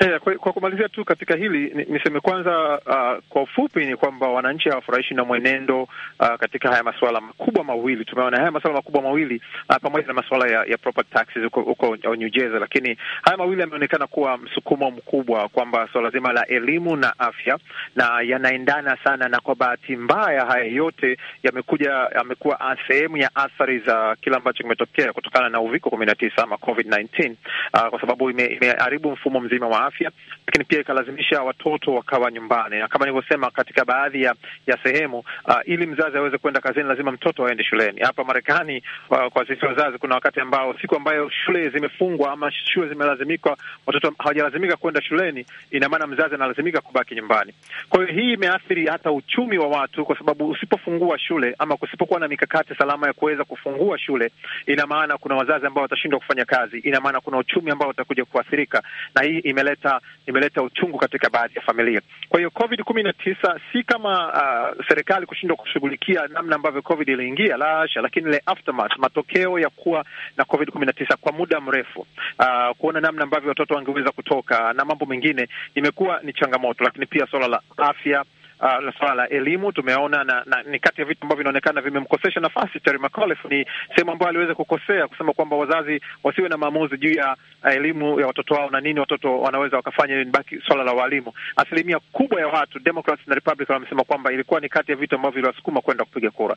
Eh, kwa, kwa kumalizia tu katika hili niseme kwanza, uh, kwa ufupi ni kwamba wananchi hawafurahishi na mwenendo uh, katika haya masuala makubwa mawili. Tumeona haya masuala makubwa mawili uh, pamoja na masuala ya, ya property taxes huko New Jersey, lakini haya mawili yameonekana kuwa msukumo mkubwa, kwamba suala zima la elimu na afya na yanaendana sana, na kwa bahati mbaya haya yote yamekuja yamekuwa sehemu ya athari za kile ambacho kimetokea kutokana na uviko kumi na tisa ama COVID-19 uh, kwa sababu imeharibu ime mfumo mzima wa afya, lakini pia ikalazimisha watoto wakawa nyumbani, na kama nilivyosema katika baadhi ya, ya sehemu uh, ili mzazi aweze kwenda kazini lazima mtoto aende shuleni. Hapa Marekani uh, kwa sisi wazazi kuna wakati ambao siku ambayo shule zimefungwa ama shule zimelazimika, watoto hawajalazimika kwenda shuleni, ina maana mzazi analazimika kubaki nyumbani. Kwa hiyo hii imeathiri hata uchumi wa watu, kwa sababu usipofungua shule ama kusipokuwa na mikakati salama ya kuweza kufungua shule, ina maana kuna wazazi ambao watashindwa kufanya kazi, ina maana kuna uchumi ambao utakuja kuathirika, na hii imeleta imeleta imeleta uchungu katika baadhi ya familia. Kwa hiyo COVID kumi na tisa si kama uh, serikali kushindwa kushughulikia namna ambavyo COVID iliingia, la lakini ile aftermath, matokeo ya kuwa na COVID kumi na tisa kwa muda mrefu, uh, kuona namna ambavyo watoto wangeweza kutoka na mambo mengine, imekuwa ni changamoto, lakini pia suala la afya Uh, la swala la elimu tumeona na, na ni kati ya vitu ambavyo vinaonekana vimemkosesha nafasi Terry McAuliffe. Ni sehemu ambayo aliweza kukosea kusema kwamba wazazi wasiwe na maamuzi juu ya uh, elimu ya watoto wao na nini watoto wanaweza wakafanya. ni Baki swala la walimu, asilimia kubwa ya watu Democrats na Republicans wamesema kwamba ilikuwa ni kati ya vitu ambavyo viliwasukuma kwenda kupiga kura.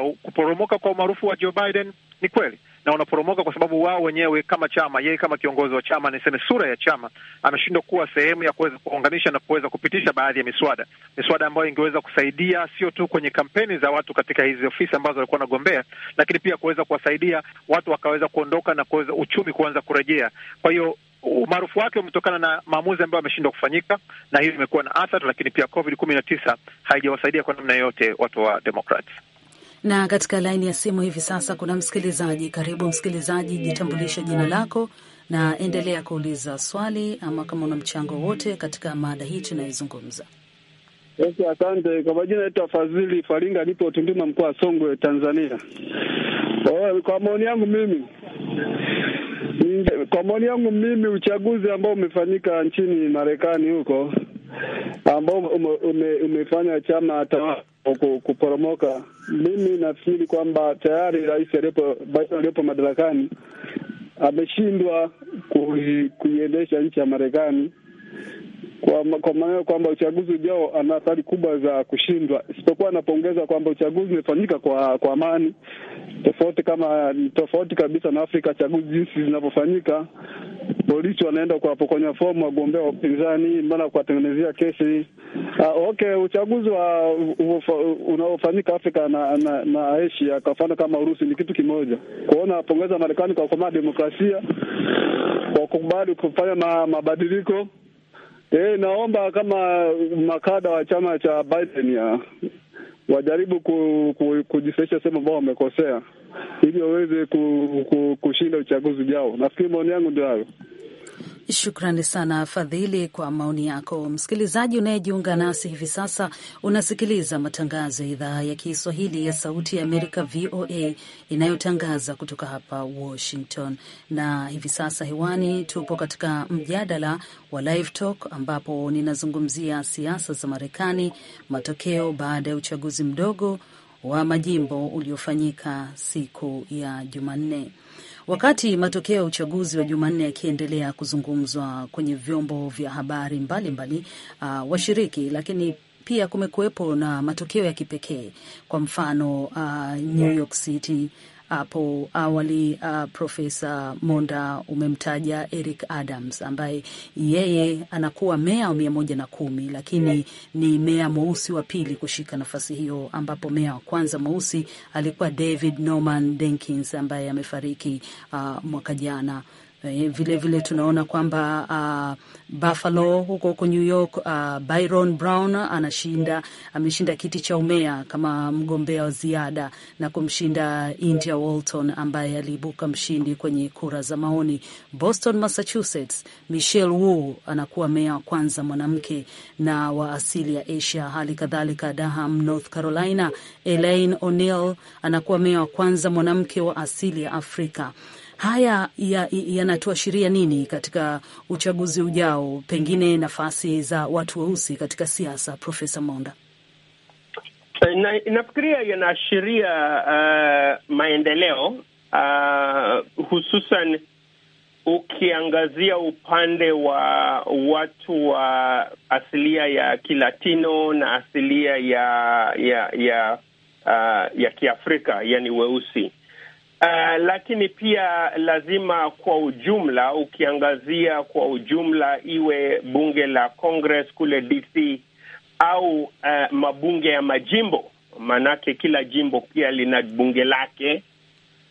Uh, kuporomoka kwa umaarufu wa Joe Biden ni kweli na unaporomoka kwa sababu wao wenyewe kama chama, yeye kama kiongozi wa chama, niseme sura ya chama, ameshindwa kuwa sehemu ya kuweza kuunganisha na kuweza kupitisha baadhi ya miswada, miswada ambayo ingeweza kusaidia sio tu kwenye kampeni za watu katika hizi ofisi ambazo walikuwa wanagombea, lakini pia kuweza kuwasaidia watu wakaweza kuondoka na kuweza uchumi kuanza kurejea. Kwa hiyo umaarufu wake umetokana na maamuzi ambayo ameshindwa kufanyika, na hiyo imekuwa na athari, lakini pia COVID kumi na tisa haijawasaidia kwa namna yoyote watu wa Democrats. Na katika laini ya simu hivi sasa kuna msikilizaji. Karibu msikilizaji, jitambulishe jina lako na endelea kuuliza swali ama kama una mchango wote katika mada hii tunayozungumza Yes, asante kwa majina, naitwa Fadhili Faringa, nipo Tunduma, mkoa wa Songwe, Tanzania. Eh, kwa maoni yangu mimi kwa maoni yangu mimi uchaguzi ambao umefanyika nchini Marekani huko ambao ume, ume, umefanya chama tawala kuporomoka. Mimi nafikiri kwamba tayari rais Biden aliyopo madarakani ameshindwa kuiendesha nchi ya Marekani kwa, kwa maana kwamba uchaguzi ujao ana athari kubwa za kushindwa, isipokuwa anapongeza kwamba uchaguzi umefanyika kwa kwa amani, tofauti kama tofauti kabisa na Afrika chaguzi jinsi zinavyofanyika. Polisi wanaenda kuwapokonya fomu wagombea wa upinzani, mbona kuwatengenezea kesi? Uh, okay, uchaguzi wa unaofanyika Afrika na, na, na Asia kwa mfano kama Urusi ni kitu kimoja. kuona apongeza Marekani kwa kukomaa demokrasia, kwa kukubali kufanya mabadiliko E, naomba kama makada wa chama cha Biden ya wajaribu ku, ku, kujisaisha sehemu ambao wamekosea ili waweze ku, ku, kushinda uchaguzi ujao. Nafikiri maoni yangu ndio hayo. Shukrani sana Fadhili kwa maoni yako. Msikilizaji unayejiunga nasi hivi sasa, unasikiliza matangazo ya idhaa ya Kiswahili ya Sauti ya Amerika, VOA, inayotangaza kutoka hapa Washington. Na hivi sasa hewani tupo katika mjadala wa Live Talk ambapo ninazungumzia siasa za Marekani, matokeo baada ya uchaguzi mdogo wa majimbo uliofanyika siku ya Jumanne. Wakati matokeo ya uchaguzi wa Jumanne yakiendelea kuzungumzwa kwenye vyombo vya habari mbalimbali mbali, uh, washiriki lakini pia kumekuwepo na matokeo ya kipekee. Kwa mfano uh, New York City hapo awali. Uh, Profesa Monda umemtaja Eric Adams ambaye yeye anakuwa meya wa mia moja na kumi, lakini ni meya mweusi wa pili kushika nafasi hiyo, ambapo meya wa kwanza mweusi alikuwa David Norman Denkins ambaye amefariki uh, mwaka jana. Vilevile eh, vile tunaona kwamba uh, Buffalo huko huko New York uh, Byron Brown anashinda, ameshinda kiti cha umea kama mgombea wa ziada na kumshinda India Walton ambaye aliibuka mshindi kwenye kura za maoni. Boston, Massachusetts, Michelle Wu anakuwa meya wa kwanza mwanamke na wa asili ya Asia. Hali kadhalika Durham, North Carolina, Elaine O'Neill anakuwa meya wa kwanza mwanamke wa asili ya Afrika haya yanatuashiria ya nini katika uchaguzi ujao, pengine nafasi za watu weusi katika siasa, Profesa Monda? Eh, na, nafikiria yanaashiria uh, maendeleo uh, hususan ukiangazia upande wa watu wa asilia ya Kilatino na asilia ya ya ya, uh, ya Kiafrika, yani weusi Eh, lakini pia lazima kwa ujumla, ukiangazia kwa ujumla, iwe bunge la Congress kule DC au uh, mabunge ya majimbo, maanake kila jimbo pia lina bunge lake.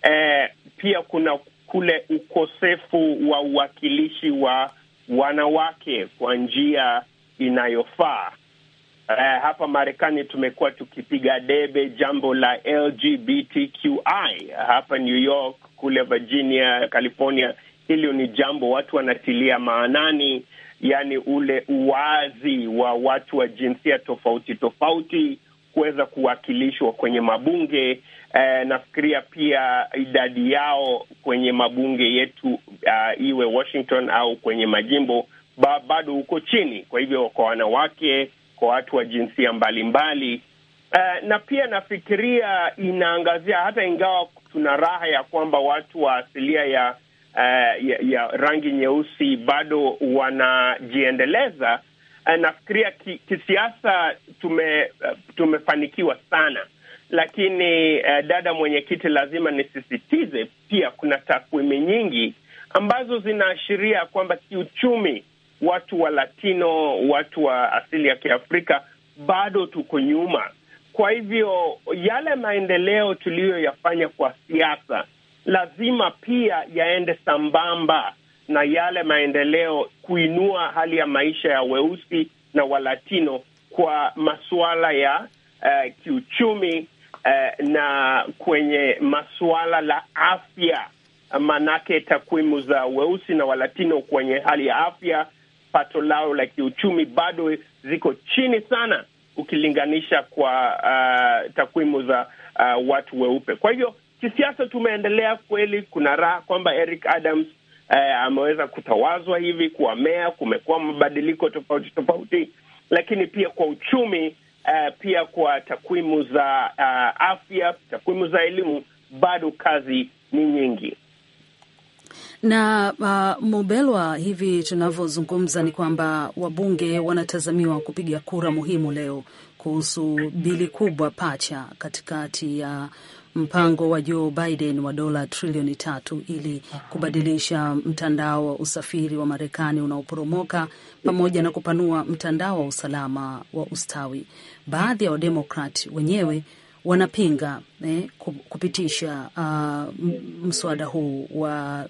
Uh, pia kuna kule ukosefu wa uwakilishi wa wanawake kwa njia inayofaa Uh, hapa Marekani tumekuwa tukipiga debe jambo la LGBTQI hapa New York, kule Virginia, California. Hilo ni jambo watu wanatilia maanani, yani ule uwazi wa watu wa jinsia tofauti tofauti kuweza kuwakilishwa kwenye mabunge. Uh, nafikiria pia idadi yao kwenye mabunge yetu uh, iwe Washington au kwenye majimbo ba, bado uko chini. Kwa hivyo kwa wanawake kwa watu wa jinsia mbalimbali uh, na pia nafikiria inaangazia hata ingawa tuna raha ya kwamba watu wa asilia ya uh, ya, ya rangi nyeusi bado wanajiendeleza uh, nafikiria kisiasa tume, uh, tumefanikiwa sana lakini uh, dada mwenyekiti, lazima nisisitize pia, kuna takwimu nyingi ambazo zinaashiria kwamba kiuchumi watu wa Latino, watu wa asili ya Kiafrika bado tuko nyuma. Kwa hivyo yale maendeleo tuliyoyafanya kwa siasa lazima pia yaende sambamba na yale maendeleo kuinua hali ya maisha ya weusi na Walatino kwa masuala ya uh, kiuchumi uh, na kwenye masuala la afya, manake takwimu za weusi na Walatino kwenye hali ya afya pato lao la kiuchumi bado ziko chini sana ukilinganisha kwa uh, takwimu za uh, watu weupe. Kwa hivyo kisiasa tumeendelea kweli, kuna raha kwamba Eric Adams uh, ameweza kutawazwa hivi kuwa meya, kumekuwa mabadiliko tofauti tofauti, lakini pia kwa uchumi uh, pia kwa takwimu za uh, afya, takwimu za elimu, bado kazi ni nyingi. Na uh, Mobelwa, hivi tunavyozungumza ni kwamba wabunge wanatazamiwa kupiga kura muhimu leo kuhusu bili kubwa pacha katikati ya uh, mpango wa Joe Biden wa dola trilioni tatu ili kubadilisha mtandao wa usafiri wa Marekani unaoporomoka pamoja na kupanua mtandao wa usalama wa ustawi. Baadhi ya Wademokrat wenyewe wanapinga eh, kupitisha uh, mswada huu wa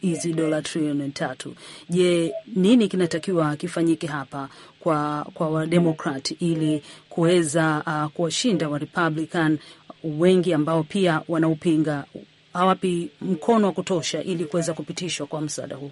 hizi dola trilioni tatu. Je, nini kinatakiwa kifanyike hapa kwa, kwa wademokrat ili kuweza uh, kuwashinda warepublican wengi ambao pia wanaupinga, hawapi mkono wa kutosha ili kuweza kupitishwa kwa mswada huu?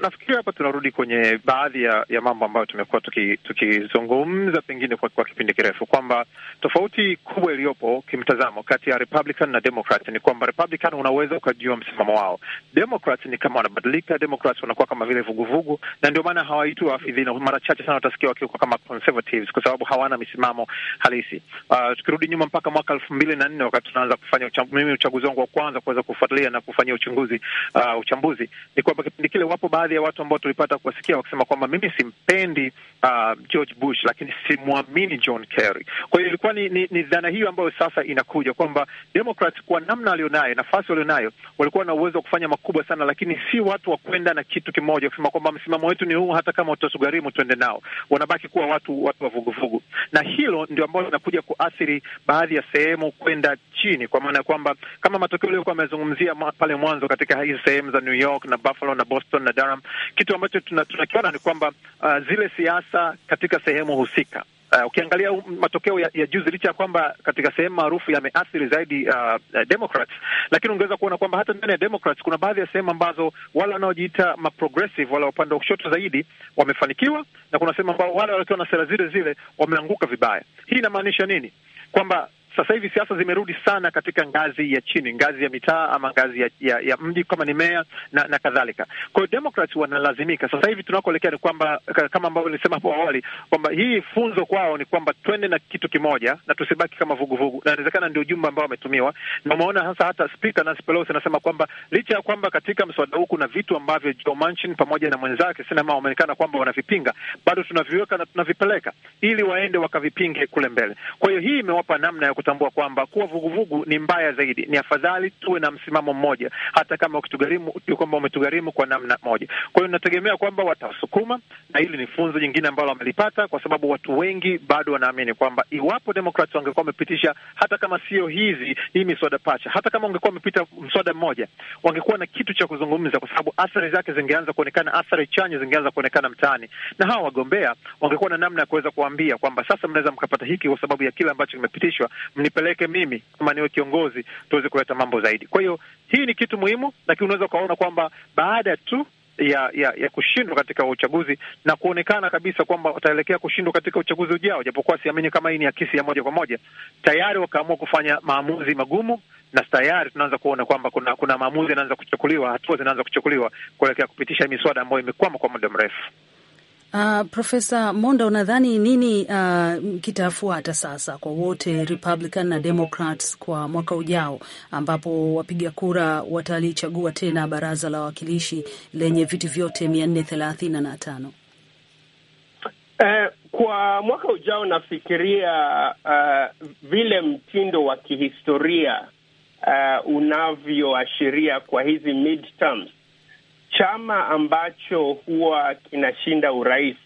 Nafikiri hapa tunarudi kwenye baadhi ya, ya mambo ambayo tumekuwa tukizungumza tuki pengine kwa, kwa kipindi kirefu kwamba tofauti kubwa iliyopo kimtazamo kati ya Republican na Democrat ni kwamba Republican unaweza ukajua msimamo wao. Democrat ni kama wanabadilika, Democrat wanakuwa kama vile vuguvugu, na ndio maana hawaitwi wafidhina. Mara chache sana utasikia wakiwa kama conservatives kwa sababu hawana misimamo halisi. Uh, tukirudi nyuma mpaka mwaka elfu mbili na nne wakati tunaanza kufanya mimi uchaguzi wangu wa kwanza kuweza kufuatilia na kufanyia uchunguzi uh, uchambuzi ni kwamba kipindi kile wapo baadhi ya watu ambao tulipata kuwasikia wakisema kwamba mimi simpendi uh, George Bush, lakini simwamini John Kerry. Kwa hiyo ilikuwa ni, ni, ni dhana hiyo ambayo sasa inakuja kwamba Demokrat kwa namna alionayo, nafasi walionayo, walikuwa na uwezo wa kufanya makubwa sana, lakini si watu wa kwenda na kitu kimoja kusema kwamba msimamo wetu ni huu, hata kama utatugharimu tuende nao. Wanabaki kuwa watu watu wa vuguvugu, na hilo ndio ambalo linakuja kuathiri baadhi ya sehemu kwenda chini, kwa maana ya kwamba kama matokeo yaliyokuwa amezungumzia pale mwanzo katika hizi sehemu za New York na Buffalo na Boston na Durham, kitu ambacho tunakiona tuna ni kwamba uh, zile siasa katika sehemu husika Uh, ukiangalia matokeo ya, ya juzi licha ya kwamba katika sehemu maarufu yameathiri zaidi uh, uh, Democrats, lakini ungeweza kuona kwamba hata ndani ya Democrats kuna baadhi ya sehemu ambazo wale wanaojiita ma progressive wale upande wa kushoto zaidi wamefanikiwa, na kuna sehemu ambao wale walikuwa na sera zile zile wameanguka vibaya. Hii inamaanisha nini? Kwamba sasa hivi siasa zimerudi sana katika ngazi ya chini, ngazi ya mitaa ama ngazi ya, ya, ya mji kama ni meya na, na kadhalika. Kwa hiyo Democrats wanalazimika sasa hivi, tunakoelekea ni kwamba kama ambavyo nilisema hapo awali kwamba hii funzo kwao ni kwamba twende na kitu kimoja na tusibaki kama vuguvugu, na inawezekana ndio jumba ambao wametumiwa, na umeona sasa hata Speaker Nancy Pelosi anasema kwamba licha ya kwamba katika mswada huu kuna vitu ambavyo Joe Manchin pamoja na mwenzake sinema wameonekana kwamba wanavipinga, bado tunaviweka na tunavipeleka ili waende wakavipinge kule mbele. Kwa hiyo hii imewapa namna ya kutambua kwamba kuwa vuguvugu ni mbaya zaidi, ni afadhali tuwe na msimamo mmoja, hata kama ukitugharimu kwamba umetugharimu kwa namna moja. Kwa hiyo inategemea kwamba watasukuma, na hili ni funzo jingine ambalo wamelipata, kwa sababu watu wengi bado wanaamini kwamba iwapo Demokrat wangekuwa wamepitisha hata kama sio hizi hii miswada pacha, hata kama wangekuwa wamepita mswada mmoja, wangekuwa na kitu cha kuzungumza, kwa sababu athari zake zingeanza kuonekana, athari chanya zingeanza kuonekana mtaani, na hawa wagombea wangekuwa na namna ya kuweza kuambia kwamba sasa mnaweza mkapata hiki kwa sababu ya kile ambacho kimepitishwa, mnipeleke mimi kama niwe kiongozi, tuweze kuleta mambo zaidi. Kwa hiyo hii ni kitu muhimu, lakini unaweza ukaona kwamba baada tu ya ya, ya kushindwa katika uchaguzi na kuonekana kabisa kwamba wataelekea kushindwa katika uchaguzi ujao, japokuwa siamini kama hii ni akisi ya moja kwa moja, tayari wakaamua kufanya maamuzi magumu, na tayari tunaanza kuona kwamba kuna kuna maamuzi yanaanza kuchukuliwa, hatua zinaanza kuchukuliwa kuelekea kupitisha miswada ambayo imekwama kwa muda mrefu. Uh, Profesa Monda, unadhani nini uh, kitafuata sasa kwa wote Republican na Democrats kwa mwaka ujao ambapo wapiga kura watalichagua tena baraza la wawakilishi lenye viti vyote mia nne thelathini na tano? Eh, kwa mwaka ujao nafikiria uh, vile mtindo wa kihistoria uh, unavyoashiria kwa hizi midterms chama ambacho huwa kinashinda urais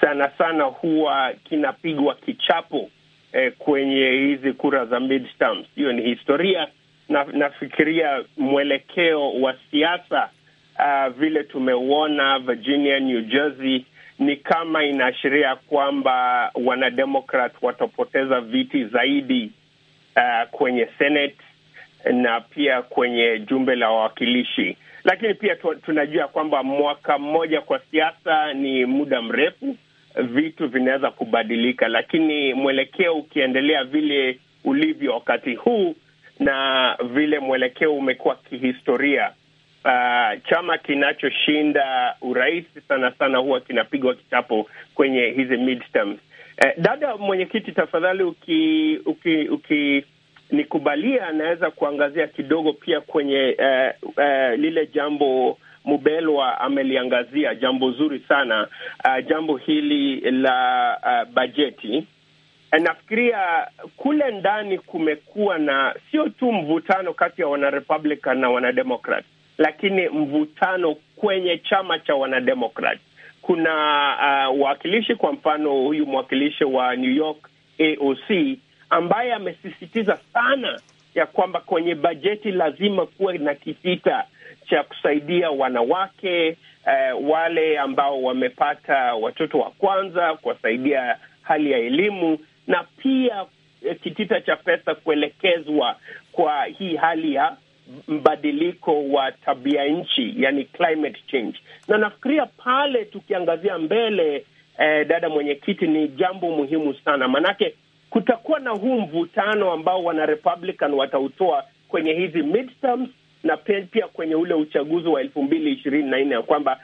sana sana huwa kinapigwa kichapo eh, kwenye hizi kura za midterms. Hiyo ni historia na, nafikiria mwelekeo wa siasa uh, vile tumeuona Virginia, New Jersey ni kama inaashiria kwamba wanademokrat watapoteza viti zaidi uh, kwenye Senate na pia kwenye jumbe la wawakilishi lakini pia tunajua kwamba mwaka mmoja kwa siasa ni muda mrefu, vitu vinaweza kubadilika, lakini mwelekeo ukiendelea vile ulivyo wakati huu na vile mwelekeo umekuwa kihistoria, uh, chama kinachoshinda urais sana sana huwa kinapigwa kichapo kwenye hizi midterms. Eh, dada mwenyekiti, tafadhali uki, uki, uki nikubalia, anaweza kuangazia kidogo pia kwenye uh, uh, lile jambo Mubelwa ameliangazia, jambo zuri sana uh, jambo hili la uh, bajeti. Nafikiria kule ndani kumekuwa na sio tu mvutano kati ya wanarepublican na wanademokrat, lakini mvutano kwenye chama cha wanademokrat. Kuna uh, wawakilishi, kwa mfano huyu mwakilishi wa New York AOC ambaye amesisitiza sana ya kwamba kwenye bajeti lazima kuwe na kitita cha kusaidia wanawake eh, wale ambao wamepata watoto wa kwanza, kuwasaidia hali ya elimu na pia eh, kitita cha pesa kuelekezwa kwa hii hali ya mbadiliko wa tabia nchi, yani climate change. Na nafikiria pale tukiangazia mbele, eh, dada mwenyekiti, ni jambo muhimu sana maanake kutakuwa na huu mvutano ambao wana Republican watautoa kwenye hizi midterms na pia kwenye ule uchaguzi wa elfu mbili ishirini na nne ya kwamba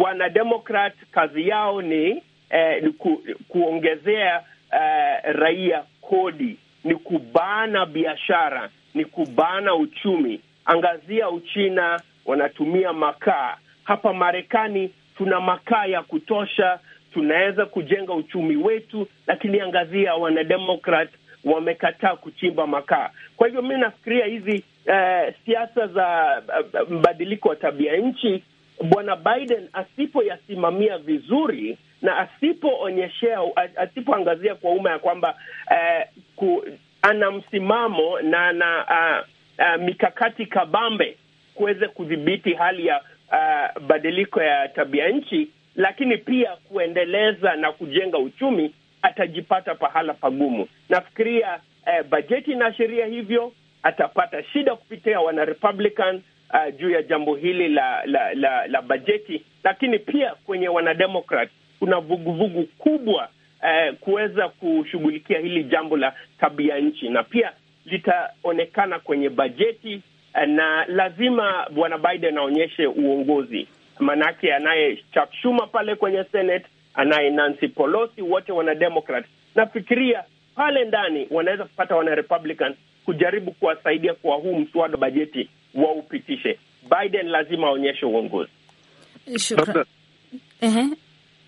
wanademokrat kazi yao ni eh, ku, kuongezea eh, raia kodi, ni kubana biashara, ni kubana uchumi. Angazia Uchina wanatumia makaa, hapa Marekani tuna makaa ya kutosha tunaweza kujenga uchumi wetu, lakini angazia wanademokrat wamekataa kuchimba makaa. Kwa hivyo mi nafikiria hizi eh, siasa za eh, mbadiliko wa tabia nchi, bwana Biden asipoyasimamia vizuri na asipoonyeshea, asipoangazia kwa umma ya kwamba eh, ku, ana msimamo na ana uh, uh, mikakati kabambe kuweze kudhibiti hali ya uh, badiliko ya tabia nchi lakini pia kuendeleza na kujenga uchumi, atajipata pahala pagumu. Nafikiria eh, bajeti inaashiria hivyo, atapata shida kupitia wana Republican uh, juu ya jambo hili la, la, la, la bajeti, lakini pia kwenye wanademokrat kuna vuguvugu kubwa eh, kuweza kushughulikia hili jambo la tabia nchi, na pia litaonekana kwenye bajeti eh, na lazima bwana Biden aonyeshe uongozi manake anaye Chuck Schumer pale kwenye Senate, anaye Nancy Pelosi, wote wanademokrat. Nafikiria pale ndani wanaweza kupata Republican kujaribu kuwasaidia kwa huu mswada wa bajeti waupitishe. Biden lazima aonyeshe uongozi.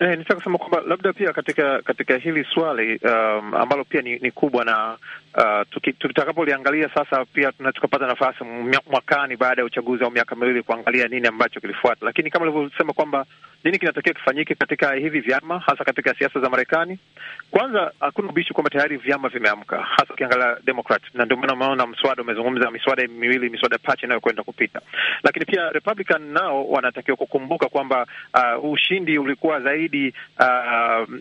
Eh, nitaka kusema kwamba labda pia katika katika hili swali um, ambalo pia ni, ni kubwa na uh, tutakapoliangalia sasa pia tunachopata nafasi mwakani baada ya uchaguzi au miaka miwili kuangalia nini ambacho kilifuata, lakini kama ulivyosema kwamba nini kinatakiwa kifanyike katika hivi vyama hasa katika siasa za Marekani. Kwanza hakuna ubishi kwamba tayari vyama vimeamka, hasa ukiangalia Democrat, na ndio maana umeona mswada umezungumza miswada miwili, miswada pacha inayokwenda kupita, lakini pia Republican nao wanatakiwa kukumbuka kwamba uh, ushindi ulikuwa zaidi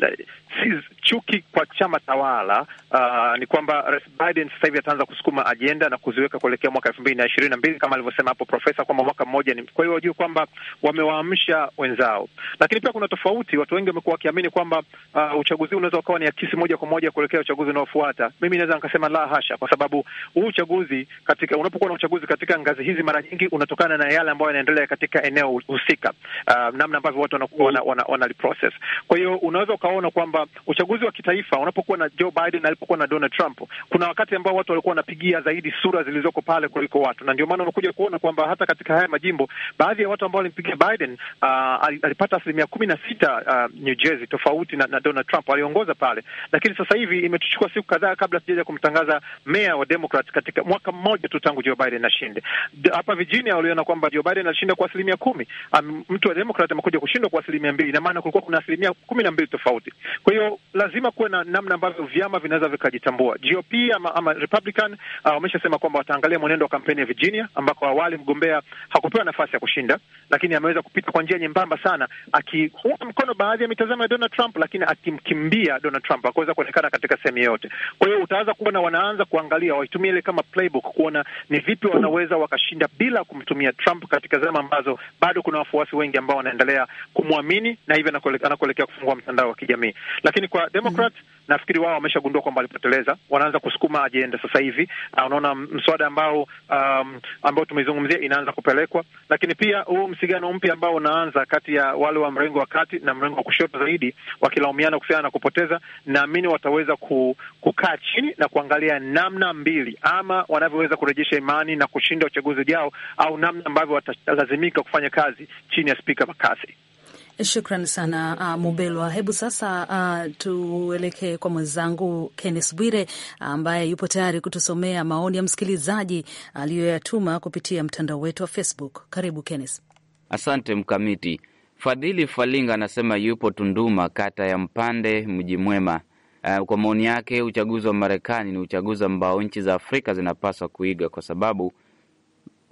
zaidi uh, si chuki kwa chama tawala uh, ni kwamba Rais Biden sasa hivi ataanza kusukuma ajenda na kuziweka kuelekea mwaka elfu mbili na ishirini na mbili kama alivyosema hapo profesa kwamba mwaka mmoja ni. Kwa hiyo wajue kwamba wamewaamsha wenzao, lakini pia kuna tofauti. Watu wengi wamekuwa wakiamini kwamba uh, uchaguzi unaweza ukawa ni akisi moja kwa moja kuelekea uchaguzi unaofuata. Mimi naweza nikasema la hasha, kwa sababu huu uchaguzi katika, unapokuwa na uchaguzi katika ngazi hizi, mara nyingi unatokana na yale ambayo yanaendelea katika eneo husika, uh, namna ambavyo watu wanakuwa wana, wana, wana, wana process. Kwa hiyo unaweza ukaona kwamba uchaguzi wa kitaifa unapokuwa na Joe Biden alipokuwa na Donald Trump, kuna wakati ambao watu walikuwa wanapigia zaidi sura zilizoko pale kuliko watu, na ndio maana unakuja kuona kwamba hata katika haya majimbo baadhi ya watu ambao walimpigia Biden uh, alipata asilimia kumi na sita uh, New Jersey, tofauti na, na Donald Trump aliongoza pale, lakini sasa hivi imetuchukua siku kadhaa kabla sijaja kumtangaza meya wa Democrat katika mwaka mmoja tu tangu Joe Biden ashinde. Hapa Virginia waliona kwamba Joe Biden alishinda kwa asilimia kumi, um, mtu wa Democrat amekuja kushindwa kwa asilimia mbili, ina maana kulikuwa kuna asilimia kumi na mbili tofauti. Kwa hiyo lazima kuwe na namna ambavyo vyama vinaweza vikajitambua. GOP ama, ama Republican uh, wameshasema uh, kwamba wataangalia mwenendo wa kampeni ya Virginia ambako awali mgombea hakupewa nafasi ya kushinda, lakini ameweza kupita kwa njia nyembamba sana, akiunga mkono baadhi ya mitazamo ya Donald Trump, lakini akimkimbia Donald Trump akuweza kuonekana katika sehemu yoyote. Kwa hiyo utaanza kuona wanaanza kuangalia waitumia ile kama playbook, kuona ni vipi wanaweza wakashinda bila kumtumia Trump katika zama ambazo bado kuna wafuasi wengi ambao wanaendelea kumwamini na hivyo na anakoelekea kufungua mtandao wa kijamii. Lakini kwa Democrat mm -hmm. nafikiri wao wameshagundua kwamba walipoteleza, wanaanza kusukuma ajenda sasa hivi, na unaona mswada ambao um, ambao tumeizungumzia inaanza kupelekwa, lakini pia huu msigano mpya ambao unaanza kati ya wale wa mrengo wa kati na mrengo wa kushoto zaidi, wakilaumiana kuhusiana na kupoteza, naamini wataweza ku, kukaa chini na kuangalia namna mbili ama wanavyoweza kurejesha imani na kushinda uchaguzi ujao, au namna ambavyo watalazimika kufanya kazi chini ya Spika Makasi. Shukran sana uh, Mubelwa. Hebu sasa uh, tuelekee kwa mwenzangu Kennes Bwire ambaye uh, yupo tayari kutusomea maoni ya msikilizaji aliyoyatuma uh, kupitia mtandao wetu wa Facebook. Karibu Kennes. Asante Mkamiti. Fadhili Falinga anasema yupo Tunduma, kata ya Mpande, mji mwema. Uh, kwa maoni yake, uchaguzi wa Marekani ni uchaguzi ambao nchi za Afrika zinapaswa kuiga kwa sababu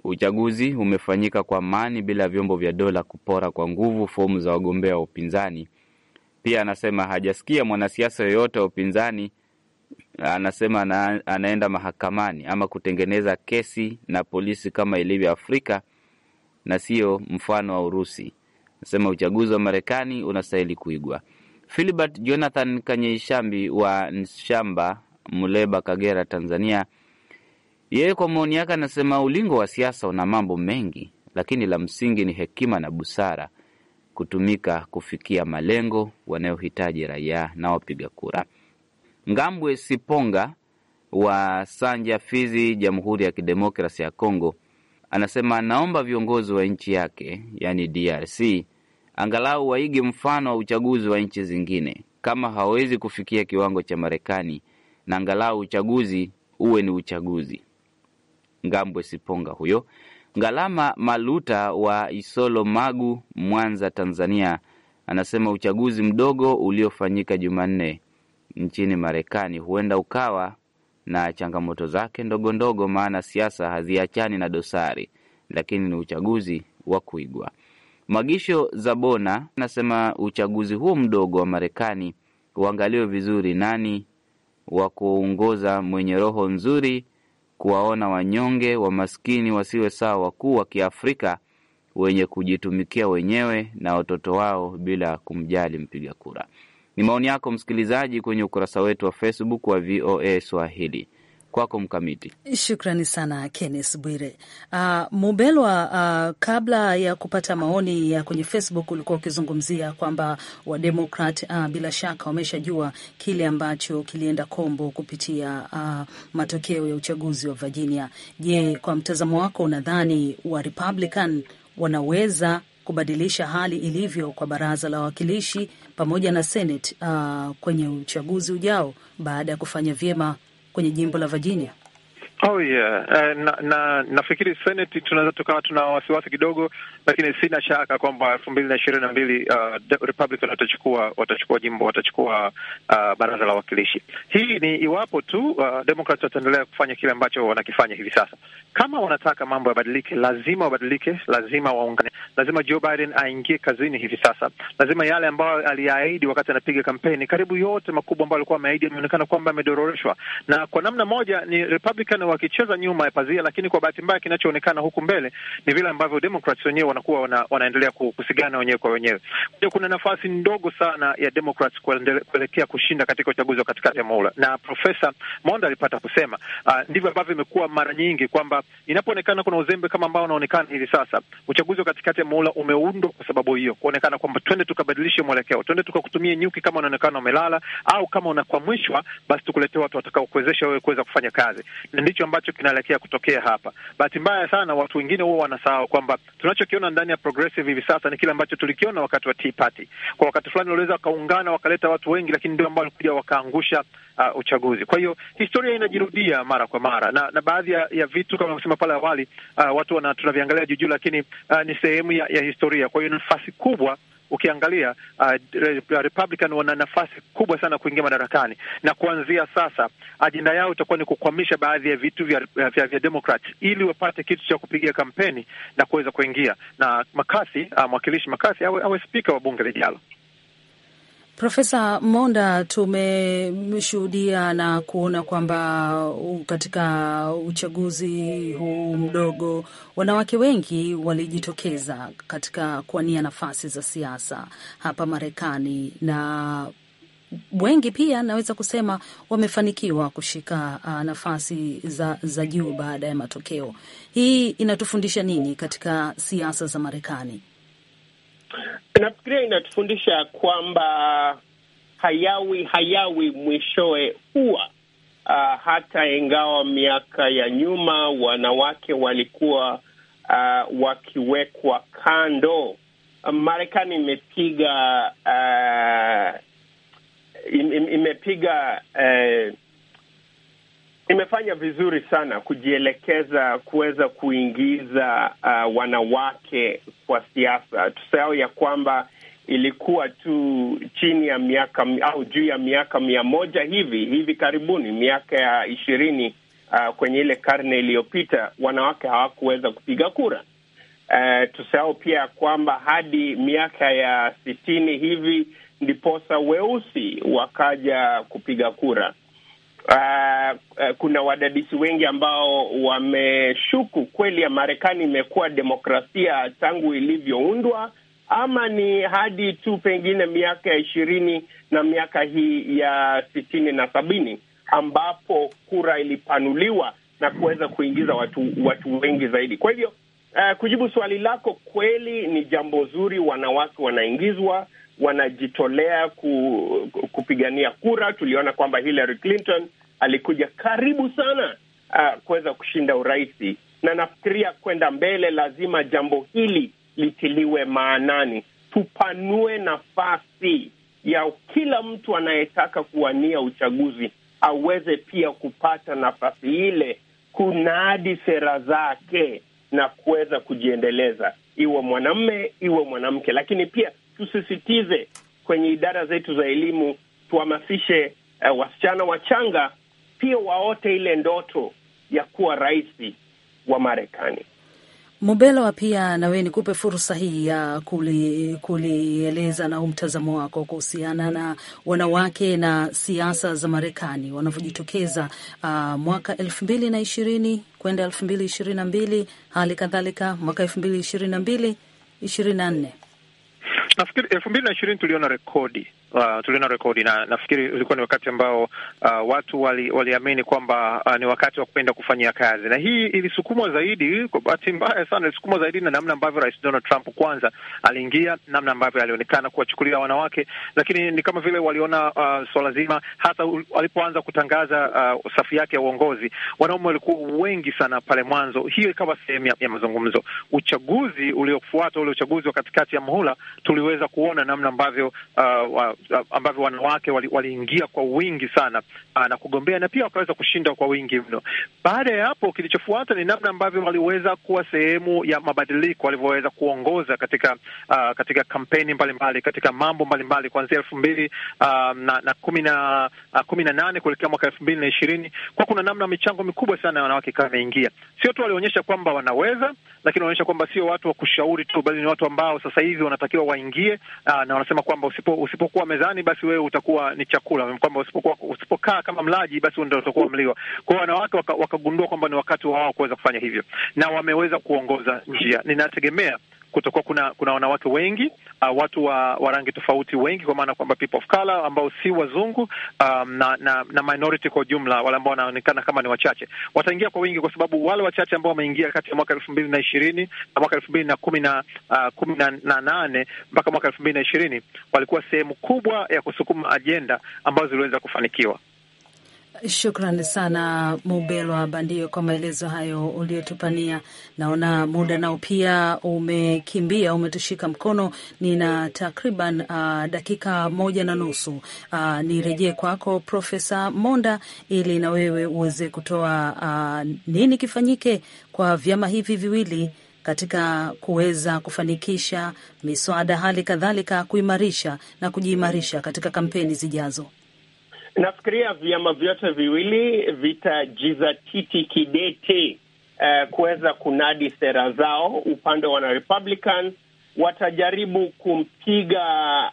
Uchaguzi umefanyika kwa amani bila vyombo vya dola kupora kwa nguvu fomu za wagombea wa upinzani. Pia anasema hajasikia mwanasiasa yoyote wa upinzani anasema ana, anaenda mahakamani ama kutengeneza kesi na polisi kama ilivyo Afrika na sio mfano wa Urusi. Anasema uchaguzi wa Marekani unastahili kuigwa. Filibert Jonathan Kanyeishambi wa Nshamba, Muleba, Kagera, Tanzania yeye kwa maoni yake anasema ulingo wa siasa una mambo mengi, lakini la msingi ni hekima na busara kutumika kufikia malengo wanayohitaji raia na wapiga kura. Ngambwe Siponga wa Sanja, Fizi, Jamhuri ya Kidemokrasi ya Kongo, anasema anaomba viongozi wa nchi yake yani DRC angalau waige mfano wa uchaguzi wa nchi zingine, kama hawawezi kufikia kiwango cha Marekani, na angalau uchaguzi uwe ni uchaguzi Ngambwe Siponga huyo. Ngalama Maluta wa Isolo, Magu, Mwanza, Tanzania, anasema uchaguzi mdogo uliofanyika Jumanne nchini Marekani huenda ukawa na changamoto zake ndogo ndogo, maana siasa haziachani na dosari, lakini ni uchaguzi wa kuigwa. Magisho Zabona anasema uchaguzi huo mdogo wa Marekani uangaliwe vizuri, nani wa kuongoza mwenye roho nzuri kuwaona wanyonge, wamaskini, wasiwe sawa wakuu wa Kiafrika wenye kujitumikia wenyewe na watoto wao bila kumjali mpiga kura. Ni maoni yako msikilizaji, kwenye ukurasa wetu wa Facebook wa VOA Swahili. Kwako Mkamiti. Shukrani sana kennes Bwire. Uh, ah, Mubelwa, uh, kabla ya kupata maoni ya kwenye Facebook ulikuwa ukizungumzia kwamba Wademokrat uh, bila shaka wameshajua kile ambacho kilienda kombo kupitia uh, matokeo ya uchaguzi wa Virginia. Je, kwa mtazamo wako unadhani wa Republican wanaweza kubadilisha hali ilivyo kwa baraza la wawakilishi pamoja na Senate uh, kwenye uchaguzi ujao baada ya kufanya vyema kwenye jimbo la Virginia? Oh yeah. Uh, na, na nafikiri Senate tunaweza tukawa tuna wasiwasi kidogo, lakini sina shaka kwamba elfu mbili na ishirini na mbili uh, Republican watachukua watachukua jimbo watachukua uh, baraza la wawakilishi. Hii ni iwapo tu uh, Democrats wataendelea kufanya kile ambacho wanakifanya hivi sasa. Kama wanataka mambo yabadilike, lazima wabadilike, lazima waungane, lazima Joe Biden aingie kazini hivi sasa, lazima yale ambayo aliyaahidi wakati anapiga kampeni, karibu yote makubwa ambayo alikuwa ameahidi yameonekana kwamba yamedororeshwa, na kwa namna moja ni Republican wakicheza nyuma ya pazia, lakini kwa bahati mbaya kinachoonekana huku mbele ni vile ambavyo Democrats wenyewe wanakuwa wana, wanaendelea kusigana wenyewe kwa wenyewe. Kuna nafasi ndogo sana ya Democrats kuelekea kushinda katika uchaguzi wa katikati ya muhula, na Profesa Monda alipata kusema uh, ndivyo ambavyo imekuwa mara nyingi kwamba inapoonekana kuna uzembe kama ambao unaonekana hivi sasa, uchaguzi wa katikati ya muhula umeundwa kwa sababu hiyo, kuonekana kwamba twende tukabadilishe mwelekeo, twende tukakutumia nyuki kama unaonekana umelala au kama unakwamishwa, basi tukuletee watu watakaokuwezesha wewe kuweza kufanya kazi, na ndicho ambacho kinaelekea kutokea hapa. Bahati mbaya sana, watu wengine huwa wanasahau kwamba tunachokiona ndani ya progressive hivi sasa ni kile ambacho tulikiona wakati wa Tea Party. Kwa wakati fulani waliweza wakaungana, wakaleta watu wengi, lakini ndio ambao walikuja wakaangusha uh, uchaguzi. Kwa hiyo historia inajirudia mara kwa mara, na, na baadhi ya, ya vitu kama kusema pale awali uh, watu wana, tunaviangalia juu, lakini uh, ni sehemu ya, ya historia. Kwa hiyo nafasi kubwa ukiangalia uh, uh, Republican wana nafasi kubwa sana kuingia madarakani, na kuanzia sasa ajenda yao itakuwa ni kukwamisha baadhi ya vitu vya, vya, vya Democrat ili wapate kitu cha kupigia kampeni na kuweza kuingia na McCarthy, uh, mwakilishi McCarthy awe, awe spika wa bunge lijalo. Profesa Monda, tumeshuhudia na kuona kwamba katika uchaguzi huu mdogo wanawake wengi walijitokeza katika kuwania nafasi za siasa hapa Marekani na wengi pia naweza kusema wamefanikiwa kushika uh, nafasi za, za juu baada ya matokeo. Hii inatufundisha nini katika siasa za Marekani? Nafikiria inatufundisha kwamba hayawi hayawi mwishowe huwa uh, hata ingawa miaka ya nyuma wanawake walikuwa uh, wakiwekwa kando. Marekani imepiga uh, imepiga uh, imefanya vizuri sana kujielekeza kuweza kuingiza uh, wanawake kwa siasa. Tusahau ya kwamba ilikuwa tu chini ya miaka au juu ya miaka mia moja hivi hivi karibuni, miaka ya ishirini uh, kwenye ile karne iliyopita wanawake hawakuweza kupiga kura. Uh, tusahau pia ya kwamba hadi miaka ya sitini hivi ndiposa weusi wakaja kupiga kura. Uh, uh, kuna wadadisi wengi ambao wameshuku kweli ya Marekani imekuwa demokrasia tangu ilivyoundwa ama ni hadi tu pengine miaka ya ishirini na miaka hii ya sitini na sabini ambapo kura ilipanuliwa na kuweza kuingiza watu watu wengi zaidi. Kwa hivyo uh, kujibu swali lako, kweli ni jambo zuri, wanawake wanaingizwa wanajitolea ku, kupigania kura. Tuliona kwamba Hillary Clinton alikuja karibu sana uh, kuweza kushinda urahisi na nafikiria kwenda mbele, lazima jambo hili litiliwe maanani, tupanue nafasi ya kila mtu anayetaka kuwania uchaguzi aweze pia kupata nafasi ile kunadi sera zake na kuweza kujiendeleza, iwe mwanamme iwe mwanamke. Lakini pia tusisitize kwenye idara zetu za elimu, tuhamasishe uh, wasichana wachanga pia waote ile ndoto ya kuwa rais wa Marekani. Mubelwa, pia na wewe nikupe fursa hii ya kulieleza na mtazamo wako kuhusiana na wanawake na siasa za Marekani wanavyojitokeza uh, mwaka elfu mbili na ishirini kwenda elfu mbili ishirini na mbili hali kadhalika mwaka elfu mbili ishirini na mbili ishirini na nne. Nafikiri elfu mbili na ishirini tuliona rekodi uh, rekodi na nafikiri ulikuwa ni wakati ambao uh, watu waliamini wali kwamba uh, ni wakati wa kupenda kufanyia kazi, na hii ilisukumwa zaidi, kwa bahati mbaya sana, ilisukumwa zaidi na namna ambavyo Rais Donald Trump kwanza aliingia, namna ambavyo alionekana kuwachukulia wanawake, lakini ni kama vile waliona uh, swala zima, hata alipoanza kutangaza uh, safu yake ya uongozi, wanaume walikuwa wengi sana pale mwanzo. Hiyo ikawa sehemu ya, ya mazungumzo. Uchaguzi uliofuata ule uchaguzi wa katikati ya muhula, tuliweza kuona namna ambavyo uh, ambavyo wanawake waliingia wali kwa wingi sana aa, ah, na kugombea na pia wakaweza kushinda kwa wingi mno. Baada ya hapo, kilichofuata ni namna ambavyo waliweza kuwa sehemu ya mabadiliko, walivyoweza kuongoza katika aa, ah, katika kampeni mbalimbali, katika mambo mbalimbali kuanzia elfu mbili ah, na, na kumi na kumi na nane kuelekea mwaka elfu mbili na ishirini kwa kuna namna michango mikubwa sana ya wanawake ikawa imeingia. Sio tu walionyesha kwamba wanaweza, lakini wanaonyesha kwamba sio watu wa kushauri tu, bali ni watu ambao sasa hivi wanatakiwa waingie, aa, na wanasema kwamba usipo usipokuwa mezani, basi wewe utakuwa ni chakula, kwamba usipokuwa usipokaa kama mlaji, basi ndio utakuwa mliwa. Kwa hiyo wanawake wakagundua waka kwamba ni wakati wao kuweza kufanya hivyo, na wameweza kuongoza njia. Ninategemea kutakuwa kuna kuna wanawake wengi uh, watu wa, wa rangi tofauti wengi, kwa maana kwamba people of color ambao si wazungu um, na, na na minority kwa ujumla, wale ambao wanaonekana kama ni wachache wataingia kwa wingi, kwa sababu wale wachache ambao wameingia kati ya mwaka elfu mbili na ishirini na mwaka elfu mbili na kumi na uh, kumi na, na nane mpaka mwaka elfu mbili na ishirini walikuwa sehemu kubwa ya kusukuma ajenda ambazo ziliweza kufanikiwa. Shukran sana Mubelwa Bandio kwa maelezo hayo uliotupania. Naona muda nao pia umekimbia, umetushika mkono. Nina takriban uh, dakika moja na nusu. Uh, nirejee kwako Profesa Monda ili na wewe uweze kutoa uh, nini kifanyike kwa vyama hivi viwili katika kuweza kufanikisha miswada, hali kadhalika kuimarisha na kujiimarisha katika kampeni zijazo. Nafikiria vyama vyote viwili vitajizatiti kidete uh, kuweza kunadi sera zao. Upande wa Wanarepublican watajaribu kumpiga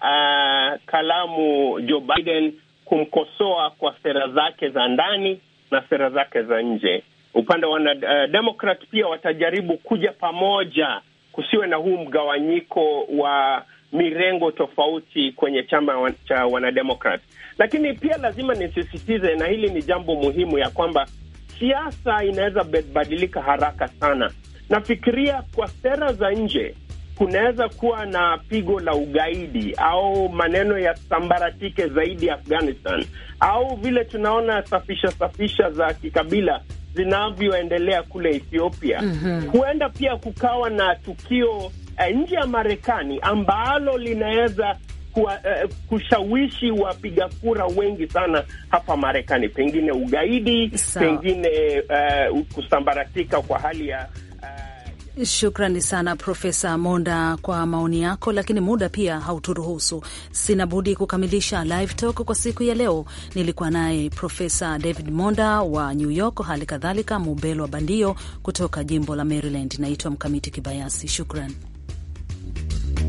uh, kalamu Joe Biden, kumkosoa kwa sera zake za ndani na sera zake za nje. Upande wa Wanademokrat eh, uh, pia watajaribu kuja pamoja, kusiwe na huu mgawanyiko wa mirengo tofauti kwenye chama cha Wanademokrat. Lakini pia lazima nisisitize, na hili ni jambo muhimu, ya kwamba siasa inaweza badilika haraka sana. Nafikiria kwa sera za nje kunaweza kuwa na pigo la ugaidi au maneno ya sambaratike zaidi ya Afghanistan, au vile tunaona safisha safisha za kikabila zinavyoendelea kule Ethiopia. mm -hmm. Huenda pia kukawa na tukio eh, nje ya Marekani ambalo linaweza kuwa, uh, eh, kushawishi wapiga kura wengi sana hapa Marekani, pengine ugaidi so, pengine uh, kusambaratika kwa hali eh, ya Shukrani sana Profesa Monda kwa maoni yako, lakini muda pia hauturuhusu. Sina budi kukamilisha live talk kwa siku ya leo. Nilikuwa naye Profesa David Monda wa New York, hali kadhalika Mubelwa Bandio kutoka jimbo la Maryland. Naitwa Mkamiti Kibayasi. Shukran.